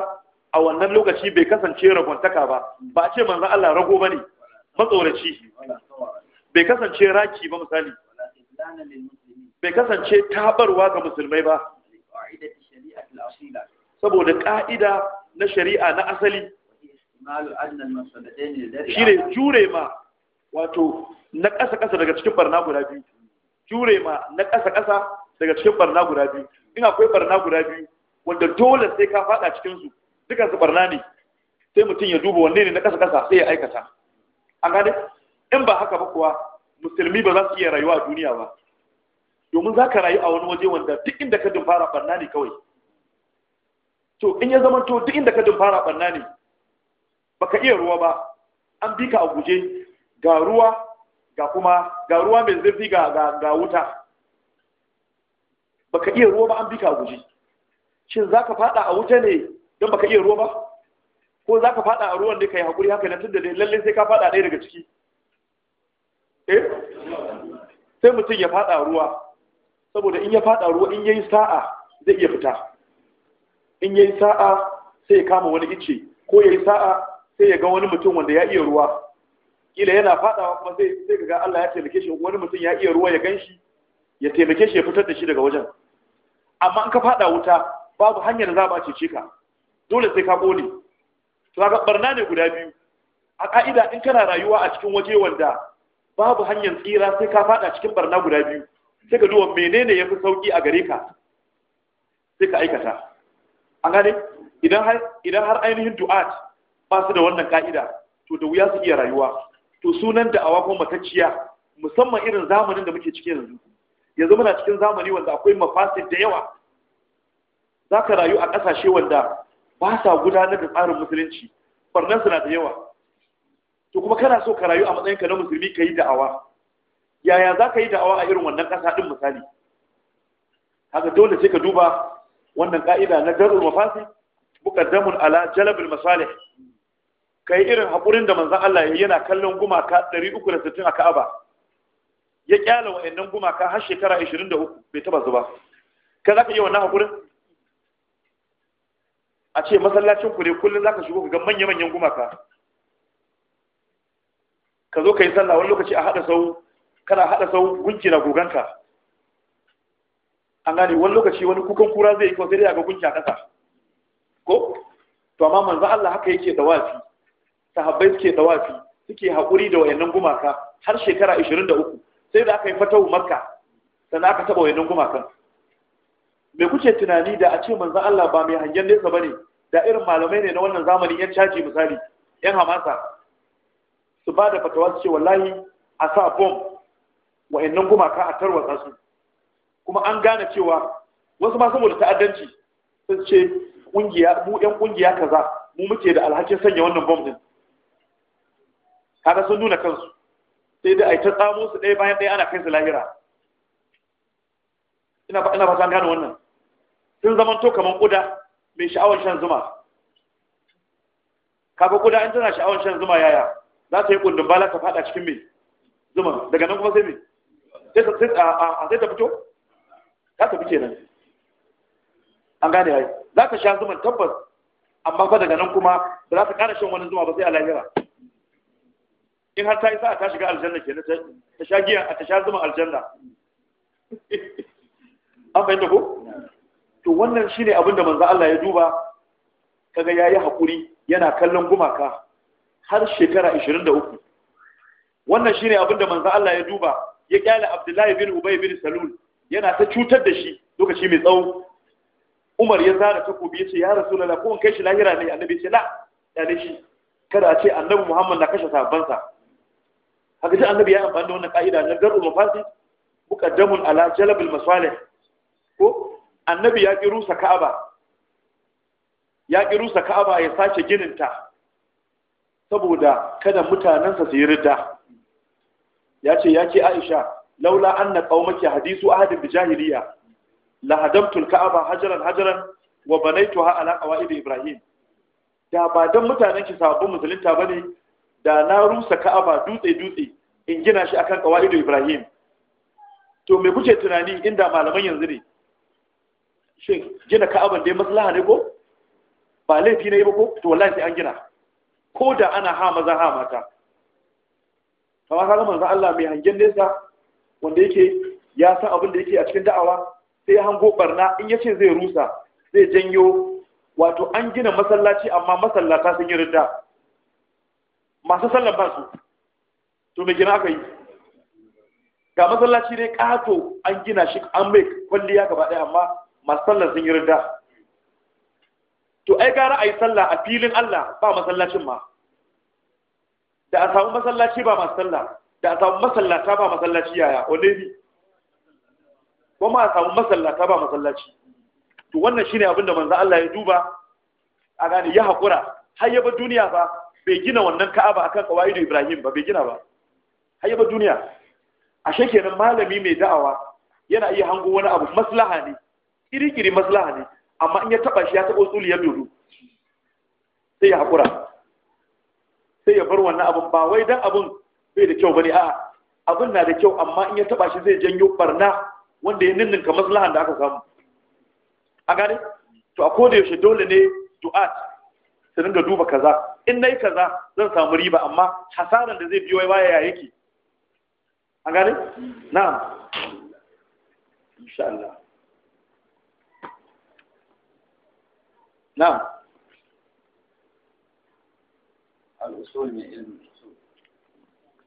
a wannan lokaci bai kasance ragwantaka ba ba a ce manzan Allah rago ba ne matsoraci bai kasance raki ba misali bai kasance tabarwa ga musulmai ba saboda ƙa'ida na shari'a na asali shi ne jure ma wato na ƙasa-ƙasa daga cikin barna guda biyu jure ma na ƙasa-ƙasa daga cikin barna guda biyu in akwai barna guda biyu wanda dole sai ka faɗa cikinsu su dukan su barna ne sai mutum ya duba wanne ne na kasa kasa sai ya aikata an gane in ba haka ba kuwa musulmi ba za su iya rayuwa a duniya ba domin za ka rayu a wani waje wanda duk inda ka dumfara barna ne kawai to in ya zama to duk inda ka dumfara barna ne baka iya ruwa ba an bi ka a guje ga ruwa ga kuma ga ruwa mai zurfi ga wuta. ga wuta iya ruwa ba an bi ka a guje shin za ka fada a wuta ne don baka iya ruwa ba ko za ka fada a ruwan ne ka yi haƙuri haka na tunda lallai sai ka fada ɗaya daga ciki eh sai mutum ya fada ruwa saboda in ya fada ruwa in yayi sa'a zai iya fita in yayi sa'a sai ya kama wani ice ko yayi sa'a sai ya ga wani mutum wanda ya iya ruwa kila yana fadawa kuma sai sai ga Allah ya taimake shi wani mutum ya iya ruwa ya ganshi ya taimake shi ya fitar da shi daga wajen amma in ka fada wuta babu hanyar za ba cece ka dole sai ka kone to ga barna ne guda biyu a ka'ida in kana rayuwa a cikin waje wanda babu hanyar tsira sai ka fada cikin barna guda biyu sai ka duba menene ya fi sauƙi a gare ka sai ka aikata an gane idan har ainihin du'at ba su da wannan ƙa'ida, to da wuya su iya rayuwa to sunan da awa ko matacciya musamman irin zamanin da muke ciki yanzu yanzu muna cikin zamani wanda akwai mafasid da yawa za ka rayu a ƙasashe wanda ba sa gudanar da tsarin musulunci farnan suna da yawa to kuma kana so ka rayu a matsayinka na musulmi ka yi da'awa yaya za ka yi da'awa a irin wannan ƙasa ɗin misali haka dole sai ka duba wannan ƙa'ida na darul mafasi muqaddamun ala jalabul masalih kai irin haƙurin da manzon Allah ya yana kallon gumaka 360 a Ka'aba ya kyala wayannan gumaka har shekara 23 bai taba zuba ka zaka yi wannan haƙurin a ce masallacin ku ne kullum zaka shigo ka ga manya-manyan gumaka ka zo ka yi sallah wani lokaci a haɗa sau kana haɗa sau gunki na goganka an gane wani lokaci wani kukan kura zai yi sai dai ga gunki a ƙasa ko to amma manzo Allah haka yake wafi sahabbai suke da wafi suke haƙuri da wayannan gumaka har shekara 23 sai da aka yi fatawu makka sannan aka taɓa wayannan gumakan me kuce tunani da a ce manzan Allah ba mai hangen nesa ba ne da irin malamai ne na wannan zamani yan caji misali yan hamasa su ba da fatawa su ce wallahi a sa bom wa'annan gumaka a tarwatsa su kuma an gane cewa wasu ma saboda ta'addanci sun ce kungiya mu yan kungiya kaza mu muke da alhakin sanya wannan bom din kaga sun nuna kansu sai dai ai ta tsamo su ɗaya bayan ɗaya ana kai su lahira ina ba ina gane wannan sun to kamar kuda mai sha'awar shan zuma kafa kuda in tana sha'awar shan zuma yaya za ta yi kundin bala ta fada cikin mai zuma daga nan kuma sai mai sai ta fito za ta fice nan, an gane yayi za ta sha zuman tabbas amma fa daga nan kuma ba za ta ƙara shan wani zuma ba sai a lahira in har ta yi sa'a ta shiga aljanna ke ta sha giya ta sha zuman aljanna an fahimta ko to wannan shine abinda manzo Allah ya duba kaga yayi hakuri yana kallon gumaka har shekara 23 wannan shine abinda manzo Allah ya duba ya kyale Abdullahi bin Ubay bin Salul yana ta cutar da shi lokaci mai tsawo Umar ya zara takobi ya ce ya Rasulullah ko in kai shi lahira ne annabi ya ce la ya shi kada a ce annabi Muhammad na kashe sahabbansa haka sai annabi ya amfani da wannan ka'ida na garu mafasi muqaddamun ala jalb al masalih ko annabi ya ƙi rusa ka'aba ya ƙi rusa ka'aba ya sace gininta saboda kada mutanensa su yi rida ya ce ya ke aisha laula an na ƙaumake hadisu ahadin bi jahiliya la hadamtul ka'aba hajaran hajaran wa banaituha ala qawaid ibrahim da ba dan mutanen ki sababbin musulunta bane da na rusa ka'aba dutse dutse in gina shi akan qawaid ibrahim to me kuke tunani inda malaman yanzu ne shin gina ka'aban dai maslaha ne ko ba laifi ne ba ko to wallahi sai an gina ko da ana ha maza ha mata kama ka manzo Allah mai hangen nesa wanda yake ya san abin da yake a cikin da'awa sai ya hango barna in yace zai rusa zai janyo wato an gina masallaci amma masallata sun yi rinda. masu sallan ba su to me gina aka yi ga masallaci ne kato an gina shi an mai kwalliya gaba ɗaya amma masu sun yi rida to ai gara a yi sallah a filin Allah ba masallacin ma da a samu masallaci ba masu sallah da a samu masallata ba masallaci yaya olebi ko ma a samu masallata ba masallaci to wannan shine abin da manzo Allah ya duba a gani ya hakura har ba duniya ba bai gina wannan Ka'aba akan da Ibrahim ba bai gina ba har ba duniya ashe kenan malami mai da'awa yana iya hango wani abu maslaha ne kirikiri maslaha ne amma in ya taba shi ya taba usuli ya dodo sai ya hakura sai ya bar wannan abun ba wai dan abun bai da kyau bane a'a abun na da kyau amma in ya taba shi zai janyo barna wanda ya ninninka maslahan da aka samu a gane to a koda yaushe dole ne du'at su dinga duba kaza in nayi kaza zan samu riba amma hasaran da zai biyo baya ya yake a gane na'am insha Allah na'am al-usul min ilm al-usul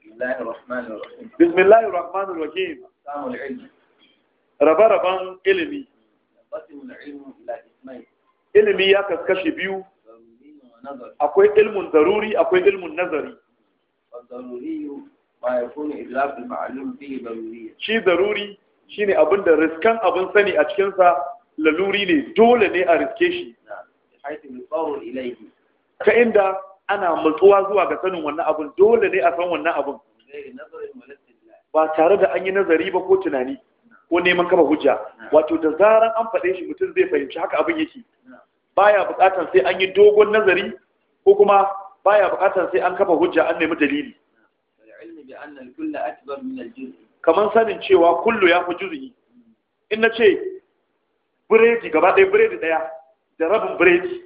bismillahir rahmanir rahim bismillahir rahmanir rahim samu al-ilm raba raban ilimi ilimi ya kaskashi biyu akwai ilmun zaruri akwai ilmun nazari shi zaruri shine abin da riskan abin sani a cikinsa laluri ne dole ne a riske shi ta inda ana matsuwa zuwa ga sanin wannan abun dole ne a san wannan abun ba tare da an yi nazari ba ko tunani ko neman kama hujja wato da zaran an faɗe shi mutum zai fahimci haka abin yake baya buƙatar sai an yi dogon nazari ko kuma baya buƙatar sai an kafa hujja an nemi dalili kamar sanin cewa kullu ya fi juzu'i in na ce biredi gaba ɗaya biredi ɗaya da rabin biredi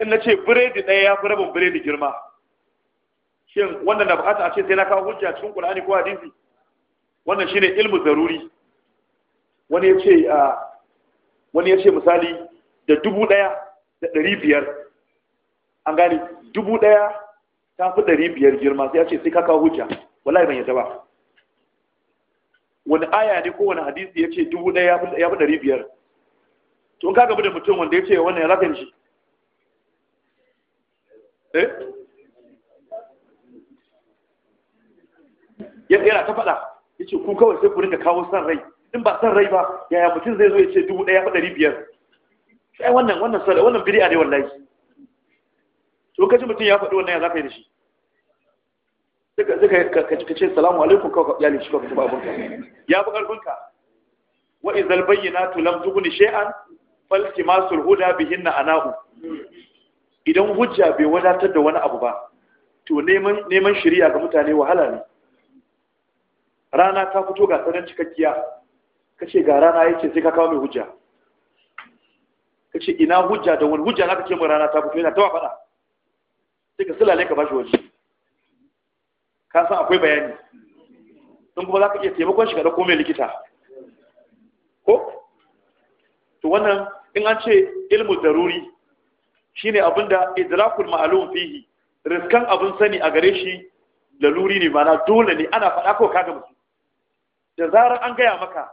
in na ce biredi ɗaya ya fi rabin biredi girma shin wannan na bukata a ce sai na kawo hujja cikin ƙul'ani, ko hadisi wannan shine ilmu zaruri wani ya ce wani ya ce misali da dubu ɗaya da ɗari biyar an gane dubu ɗaya ta fi ɗari biyar girma sai ya ce sai ka kawo hujja wallahi ban yadda ba wani aya ne ko wani hadisi ya ce dubu ɗaya ya fi ɗari biyar Tun ka gaba da mutum wanda ya ce wannan ya zaka shi eh ya tsira ta faɗa ya ce ku kawai sai ku ringa kawo san rai in ba san rai ba yaya mutum zai zo ya ce dubu ɗaya fa ɗari biyar sai wannan wannan sada wannan a ne wallahi to kaji mutum ya faɗi wannan ya zaka yi da shi sai ka ka ce salamu alaikum kawai ka ne shi kawai ka tafi ya fi ƙarfinka wa izal bayyana lam tughni shay'an falki masul huda bihin na anahu idan hujja bai wadatar da wani abu ba to neman shirya ga mutane wahala ne rana ta fito ga tsanan cikakkiya ka ce ga rana yake ce sai ka kawo mai hujja ka ce ina hujja da wani hujja na ka ce mai rana ta fito yana tawa fada sai ka silale ka bashi waje ka san akwai bayani don kuma za ka iya taimakon shi ga ɗauko mai likita ko to wannan in an ce ilmu daruri shine da, idrakul ma'alum fihi riskan abin sani a gare shi laluri ne mana dole ne ana faɗa ko ka gamsu da zarar an gaya maka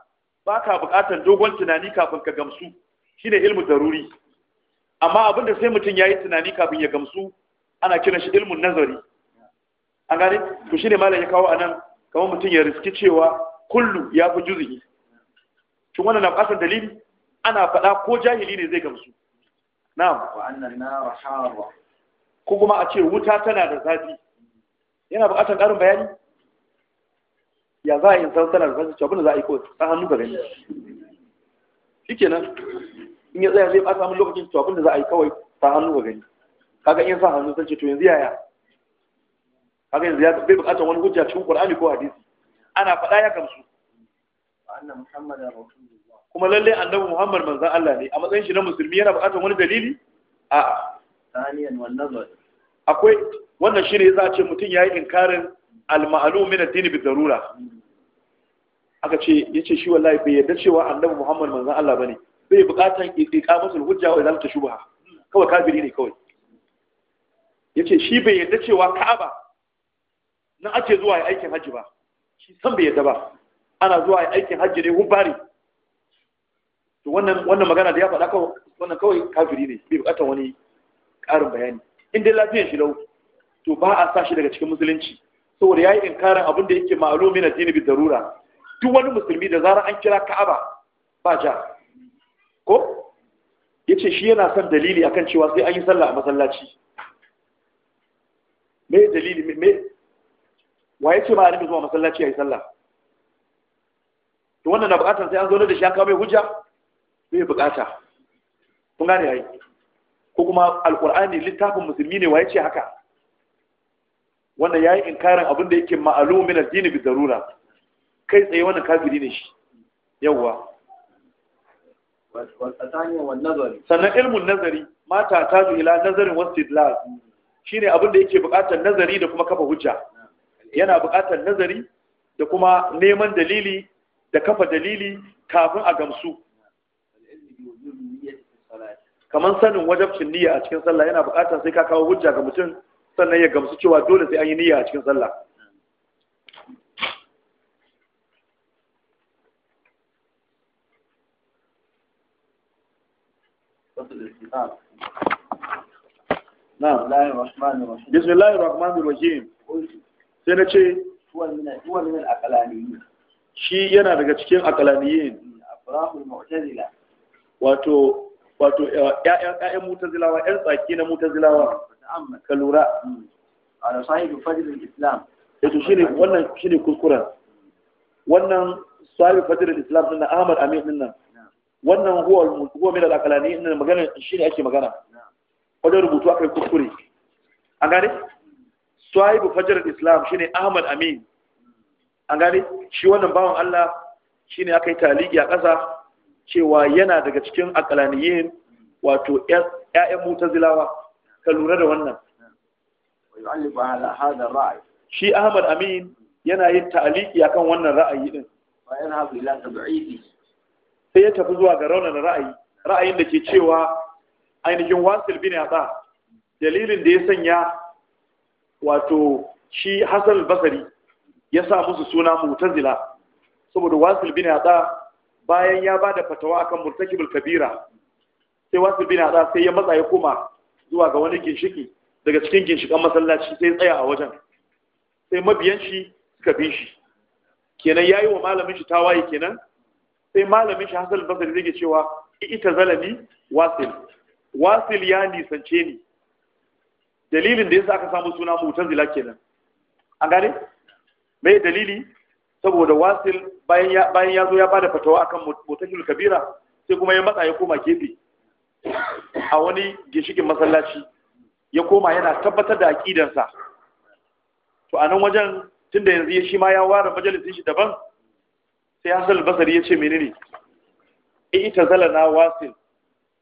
baka buƙatar dogon tunani kafin ka gamsu shine ilmu daruri amma abin da sai mutum ya yi tunani kafin ya gamsu ana kiran shi ilmun nazari an gane to shine malam ya kawo anan kamar mutum ya riski cewa kullu ya fi juzuhi shin wannan na bukatar dalili ana faɗa ko jahili ne zai gamsu na'am wa annan nar harra ko kuma a ce wuta tana da zafi yana buƙatar ƙarin bayani ya za a yi san sanar zafi cewa za a yi ko san hannu ga gani shikenan in ya tsaya zai ba samun lokacin cewa abin da za a yi kawai san hannu ga gani kaga in san hannu san ce to yanzu yaya kaga yanzu ya bai buƙatar wani hujja cikin Qur'ani ko hadisi ana faɗa ya gamsu annan muhammadan rasulullah kuma lalle annabi Muhammad manzan Allah ne a matsayin shi na musulmi yana bukatar wani dalili a'a thaniyan wan nazar akwai wannan shine za a ce mutum yayi inkarin al-ma'lum min ad-din bi darura aka ce yace shi wallahi bai yarda cewa annabi Muhammad manzan Allah bane bai buƙatar iqamatul hujja wa izalatu shubha kawai kafiri ne kawai yace shi bai yarda cewa Ka'aba na ake zuwa aikin hajji ba shi san bai yarda ba ana zuwa aikin hajji ne hubari to wannan wannan magana da ya faɗa kawai wannan kawai kafiri ne bai buƙatar wani ƙarin bayani in dai lafiyar shi lau to ba a sa shi daga cikin musulunci saboda yayi inkarin abin da yake ma'lumi na dini bi darura duk wani musulmi da zarar an kira Ka'aba ba ja ko yace shi yana son dalili akan cewa sai an yi sallah a masallaci me dalili me wa yace ma annabi zuwa masallaci yi sallah to wannan na buƙatar sai an zo da shi an kawo mai hujja bai bukata kun gane yayi ko kuma alqur'ani littafin musulmi ne waye ce haka wannan yayi inkarin abin da yake ma'lum min addini bi darura kai tsaye wannan kafiri ne shi yawwa sannan ilmun nazari mata ta ila nazarin wasu shi ne yake bukatar nazari da kuma kafa hujja yana bukatar nazari da kuma neman dalili da kafa dalili kafin a gamsu kamar sanin wajabcin niyya a cikin sallah yana buƙatar sai ka kawo hujja ga mutum sannan ya gamsu cewa dole sai an yi niyya a cikin sallah بسم الله الرحمن الرحيم sai na ce shi yana daga cikin akalaniyin hmm, wato wato ƴaƴan eh, mutazilawa ɗan tsaki na mutazilawa ka lura hmm. ala sahibi fadilul islam yato eh, shine wannan shine kuskuren wannan sahibi fadilul islam na Ahmad Amin din wannan huwa huwa min al-aqlani magana shine ake magana wajen rubutu akai kuskure an gane sahibi fadilul islam shine Ahmad Amin an gane shi wannan bawan Allah shine akai taliki a ƙasa cewa yana daga cikin akalaniyin wato ‘ya'yan mutazilawa ka lura da wannan shi ahmad amin yana yin ta'aliki akan wannan ra'ayi din sai ya tafi zuwa ga raunin ra'ayi ra'ayin da ke cewa ainihin wasil bin yatsa dalilin da ya sanya wato shi hassan basari ya sa musu suna mutazila saboda wasil bin yatsa bayan ya ba da fatawa akan murtakibul kabira sai wasu bin hada sai ya matsa ya koma zuwa ga wani ginshiki daga cikin ginshikan masallaci sai tsaya a wajen sai mabiyan shi suka bi shi kenan yayi wa malamin shi tawaye kenan sai malamin shi hasal Basri zai cewa ita zalami wasil wasil ya nisance ni dalilin da yasa aka samu suna mutazila kenan an gane me dalili saboda wasil bayan ya zo ya bada fatawa akan mutashil kabira sai kuma ya matsa ya koma gefe a wani gishikin masallaci ya koma yana tabbatar da aqidansa to anan wajen tunda yanzu shi ma ya ware majalisin shi daban sai Hassan Basri ya ce menene ita zalana wasil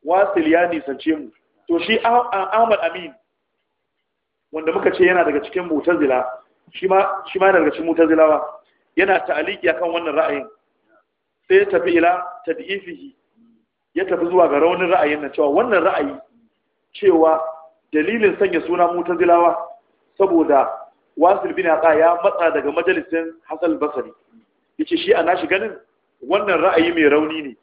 wasil ya nisance mu to shi Ahmad Amin wanda muka ce yana daga cikin Mu'tazila shi ma shi ma daga cikin Mu'tazilawa yana ta'aliki akan wannan ra'ayin sai ya tafi ila tad'ifihi ya tafi zuwa ga raunin ra'ayin nan cewa wannan ra'ayi cewa dalilin sanya suna mutazilawa saboda wasil bin aqa ya matsa daga majalisin hasal basri yace shi ana shi ganin wannan ra'ayi mai rauni ne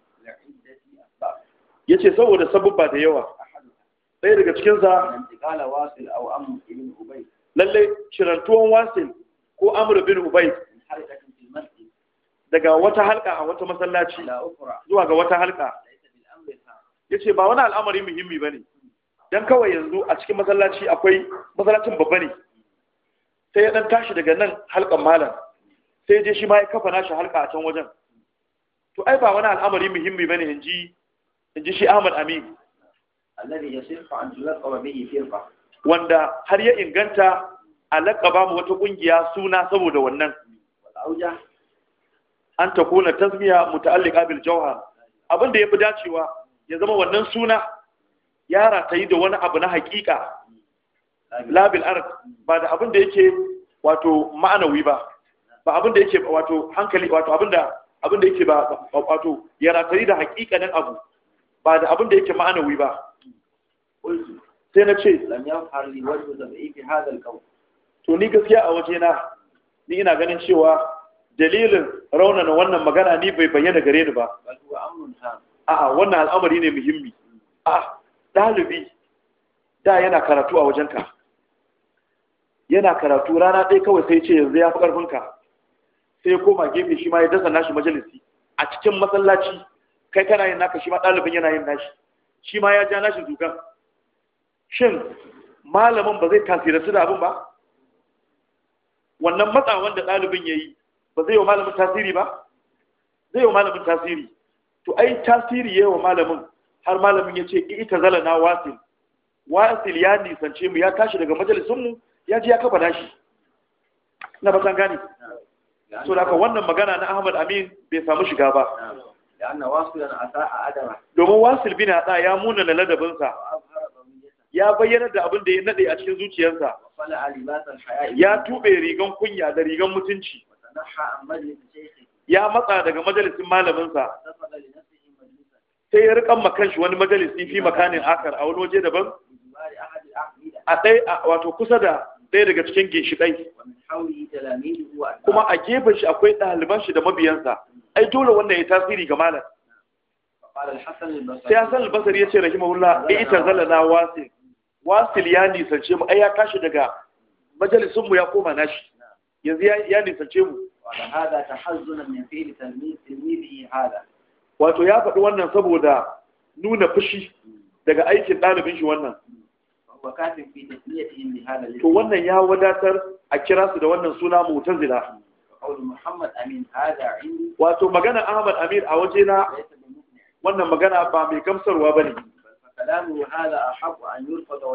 yace saboda sabubba da yawa sai daga cikin sa lallai shirantuwan wasil ko amr bin ubay daga wata halka a wata masallaci zuwa ga wata halka yace ba wani al'amari muhimmi ba ne, don kawai yanzu a cikin masallaci akwai masallacin babba ne sai ya dan tashi daga nan halkan malam sai ya je shi ma ya kafa nashi halka a can wajen to ai ba wani al'amari muhimmi ba ne, in ji shi Ahmad Amin wanda har ya inganta a laƙaba mu wata ƙungiya suna saboda wannan an ta kuna tasmiya muta'alliqa bil jawhar abin da yafi dacewa ya zama wannan suna Yara ta yi da wani abu na hakika labil ard ba da abinda yake wato ma'anawi ba ba abinda yake wato hankali wato abinda abinda yake ba wato yara ta yi da hakikanin abu ba da abinda yake ma'anawi ba sai na ce to ni gaskiya a waje na ni ina ganin cewa dalilin raunan wannan magana ni bai bayyana gare ni ba a'a wannan al'amari ne muhimmi a dalibi. da yana karatu a wajenka yana karatu rana ɗaya kawai sai ce yanzu ya fi ƙarfinka sai koma gefe shi ma ya dasa nashi majalisi a cikin masallaci kai kana yin naka shi ma ɗalibin yana yin nashi shi ma ya ja nashi dukan shin malamin ba zai tasirantu da abin ba wannan matsawan wanda ɗalibin ya yi ba zai yi wa malamin tasiri ba zai yi wa malamin tasiri to ai tasiri ya yi wa malamin har malamin ya ce ita zala na wasil wasil ya nisance mu ya tashi daga majalisunmu ya ji ya kafa nashi na basan gane so da wannan magana na ahmad amin bai samu shiga ba domin wasil bin hada ya muna na ladabinsa ya bayyana da abin da ya nade a cikin zuciyarsa ya tube rigan kunya da rigan mutunci ya matsa daga majalisin malaminsa sai ya rikan makan shi wani majalisi fi makanin akar a wani waje daban a ɗai wato kusa da ɗaya daga cikin ginshiɗai. kuma a gefen shi akwai ɗaliban shi da mabiyansa ai dole wannan ya tasiri ga malam sai Hassan albasar ya ce rahimahullah ai ita na wasil wasil ya nisance mu ai ya kashi daga majalisinmu ya koma nashi yanzu ya nisace mu wato ya faɗi wannan saboda nuna fushi daga aikin ɗalibin shi wannan to wannan ya wadatar a kira su da wannan suna mutazila wato magana ahmad amir a waje na wannan magana ba mai gamsarwa ba ne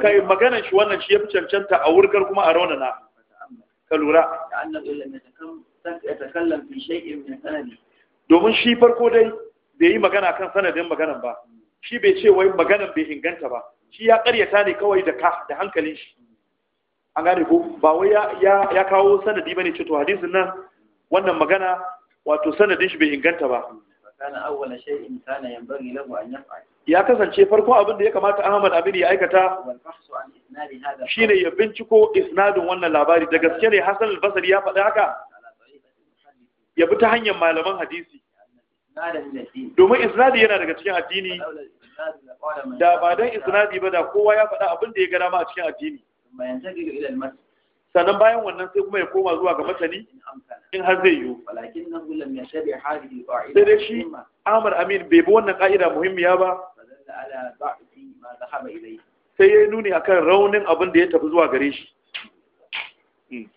kai maganan shi wannan shi ya fi cancanta a wurgar kuma a raunana ka lura domin shi farko dai bai yi magana kan sanadin maganan ba shi bai ce wai maganan bai inganta ba shi ya karyata ne kawai da ka da hankalin shi an gane ko ba wai ya kawo sanadi bane ce to hadisin nan wannan magana wato sanadin shi bai inganta ba ya kasance farko abin da ya kamata Ahmad Amir ya aikata shine ya binciko isnadin wannan labari da gaske ne Hassan al-Basri ya faɗi haka ya bi ta hanyar malaman hadisi domin isnadi yana daga cikin addini da ba dan isnadi ba da kowa ya faɗa abin da ya ga dama a cikin addini sannan bayan wannan sai kuma ya koma zuwa ga masani in har zai yiwu sai dai shi amar amin bai bi wannan ka'ida muhimmiya ba sai ya yi nuni kan raunin abin da ya tafi zuwa gare shi hmm.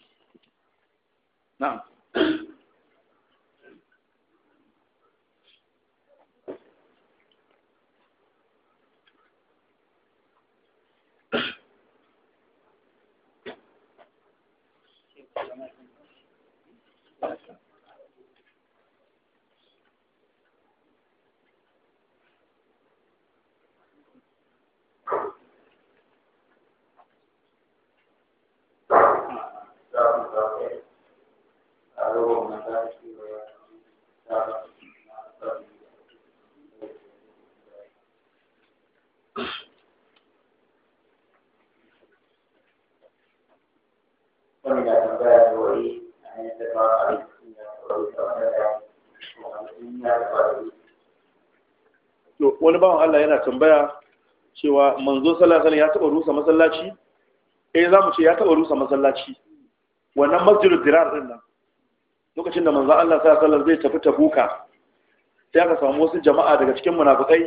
bawan Allah yana tambaya cewa manzo sallallahu alaihi ya taba rusa masallaci eh za mu ce ya taba rusa masallaci wannan masjidul dirar din nan lokacin da manzo Allah sallallahu alaihi zai tafi tabuka sai aka samu wasu jama'a daga cikin munafikai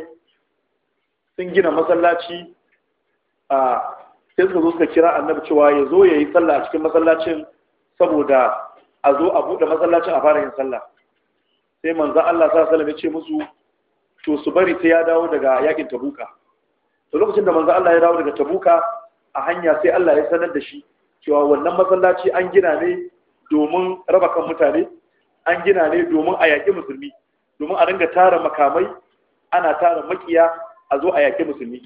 sun gina masallaci a sai suka zo suka kira annabi cewa ya zo ya yi sallah a cikin masallacin saboda a zo a buɗe masallacin a fara yin sallah sai manzo Allah sallallahu alaihi ya ce musu to su bari sai ya dawo daga yakin tabuka to lokacin da manzo Allah ya dawo daga tabuka a hanya sai Allah ya sanar da shi cewa wannan masallaci an gina ne domin raba kan mutane an gina ne domin a yaƙi musulmi domin a ringa tara makamai ana tara makiya a zo a yaƙi musulmi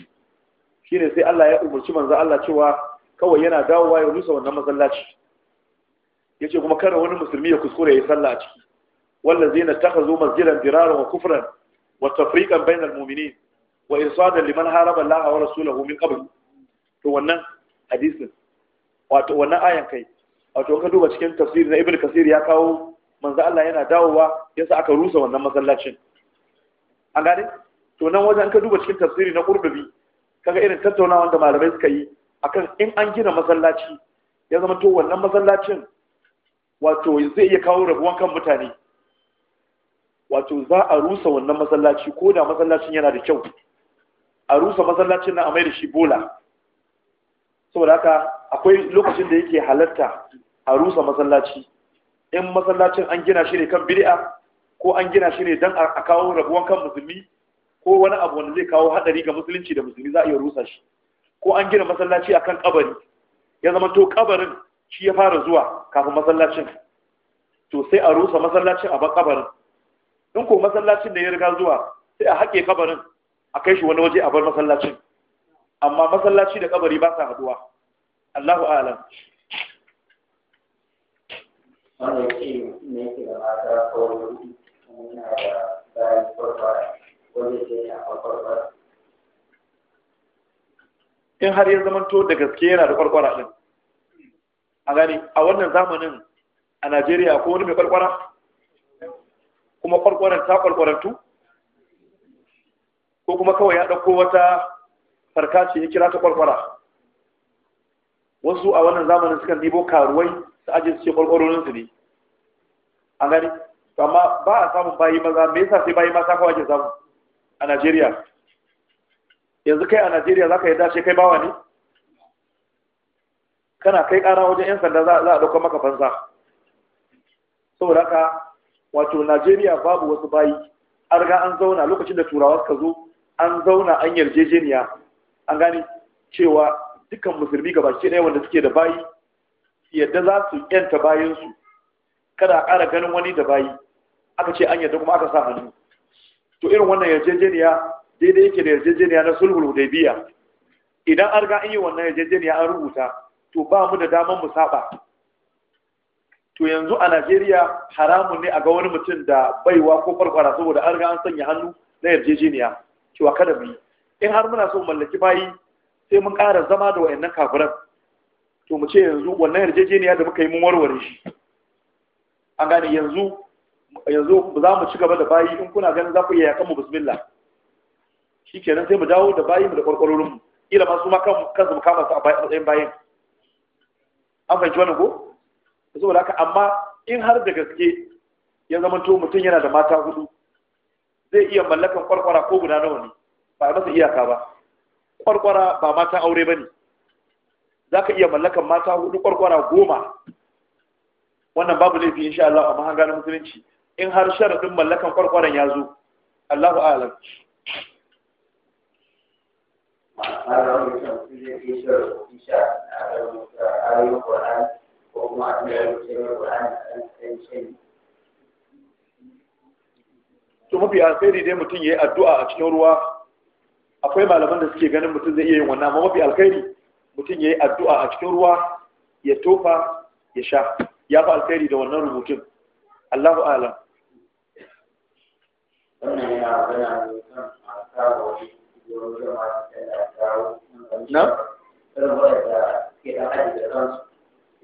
shine sai Allah ya umarci manzo Allah cewa kawai yana dawowa ya rusa wannan masallaci yace kuma kada wani musulmi ya kuskure ya yi sallah a ciki wallazi na takazo masjidan dirara wa kufran وتفريقا بين المؤمنين وإرصادا لمن هارب liman haraba من قبل rasulahu min qabl to wannan hadisin wato wannan ayan kai wato ka duba cikin tafsir na ibnu kasir ya kawo manzo Allah yana dawowa yasa aka rusa wannan masallacin an gane to nan wajen ka duba cikin tafsiri na qurbabi kaga irin tattaunawa da malamai suka yi akan in an gina masallaci ya zama to wannan masallacin wato zai iya kawo rabuwan kan mutane wato za a rusa wannan masallaci ko da masallacin yana da kyau a rusa masallacin na a mai da shi bola saboda haka akwai lokacin da yake halatta a rusa masallaci in masallacin an gina shi ne kan bid'a ko an gina shi ne don a kawo rabuwan kan musulmi ko wani abu wanda zai kawo hadari ga musulunci da musulmi za a iya rusa shi ko an gina masallaci akan kabari ya zama to kabarin shi ya fara zuwa kafin masallacin to sai a rusa masallacin a bar kabarin in ko masallacin da ya riga zuwa sai a haƙe kabarin a kai shi wani waje a bar masallacin amma masallaci da kabari ba sa haduwa Allahu a'lam in har ya zamanto da gaske yana da kwarkwara din a gani a wannan zamanin a Najeriya ko wani mai kwarkwara kuma kwarkwaran ta kwarkwarantu ko kuma kawai ya ɗauko wata farka ce ya kira ta kwarkwara wasu a wannan zamanin sukan ɗibo karuwai su aje su ce su ne A gani amma ba a samun bayi maza me yasa sai bayi mata kawai ke samu a najeriya yanzu kai a najeriya za ka yi dace kai bawa ne kana kai ƙara wajen 'yan sanda za a ɗauka maka fansa saboda ka wato Najeriya babu wasu bayi an ga an zauna lokacin da turawa suka zo an zauna an yarjejeniya an gane cewa dukkan musulmi gaba ke ɗaya wanda suke da bayi yadda za su yanta bayansu kada a ƙara ganin wani da bayi aka ce an yadda kuma aka sa hannu to irin wannan yarjejeniya daidai yake da yarjejeniya na sulhul hudaybiya idan an ga an yi wannan yarjejeniya an rubuta to ba mu da daman mu saba to yanzu a Najeriya haramun ne a ga wani mutum da baiwa ko farfara saboda an riga an sanya hannu na yarjejeniya cewa kada mu yi in har muna so mallaki bayi sai mun ƙara zama da wayannan kafiran to mu ce yanzu wannan yarjejeniya da muka yi mun warware shi an gane yanzu yanzu za mu ci gaba da bayi in kuna ganin za ku iya yakan mu bismillah shikenan sai mu dawo da bayi mu da kwarkwarorin mu ila ma su ma kansu mu kama su a matsayin bayin an fahimci wannan ko saboda haka amma in har da gaske ya zama to mutum yana da mata hudu zai iya mallakan kwarkwara ko guda nawa ne ba masa iyaka ba kwarkwara ba mata aure ba ne za ka iya mallakan mata hudu kwarkwara goma wannan babu laifi insha Allah amma an gane musulunci in har sharadin mallakan kwarkwaran ya zo Allahu a'lam ma'ana da mutum zai fi shirin isha na da mutum ayyukan masu yawon Qur'ani san to mafi dai mutum ya yi addu'a a cikin ruwa akwai malaman da suke ganin mutum zai iya yin wannan amma mafi alkhairi mutum ya yi addu'a a cikin ruwa ya tofa ya sha ya fi alkhairi da wannan rubutun Allahu alam na?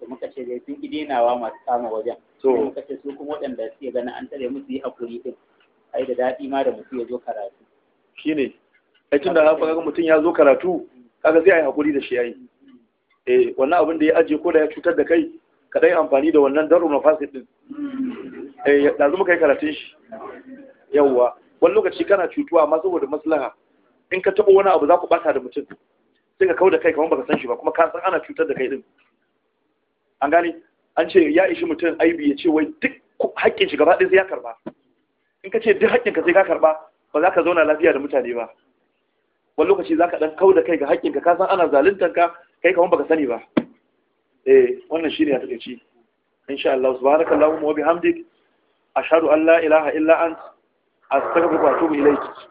da muka ce dai sun idinawa masu kama wajen to muka ce su kuma waɗanda suke gani an tare musu yi hakuri din ai da daɗi ma da mutum ya zo karatu shine ai tunda na faɗa mutum ya zo karatu kaga sai ai hakuri da shi ai eh wannan abin da ya aje ko da ya cutar da kai ka dai amfani da wannan daru na fasit din eh da zuma kai karatun shi yawwa wani lokaci kana cutuwa amma saboda maslaha in ka taɓa wani abu za ku ɓata da mutum sai ka kau da kai kamar baka san shi ba kuma ka san ana cutar da kai din an gane an ce ya ishi mutum aibi ya ce wai duk haƙƙin shi gaba ɗaya sai ya karba in ka ce duk haƙƙin ka sai ka karba ba za ka zauna lafiya da mutane ba wani lokaci za ka ɗan kau da kai ga haƙƙin ka san ana zaluntar ka kai kamar baka sani ba eh wannan shi ne a in sha Allah subhanakallahumma wa bihamdik ashhadu an la ilaha illa ant astaghfiruka wa atubu ilayk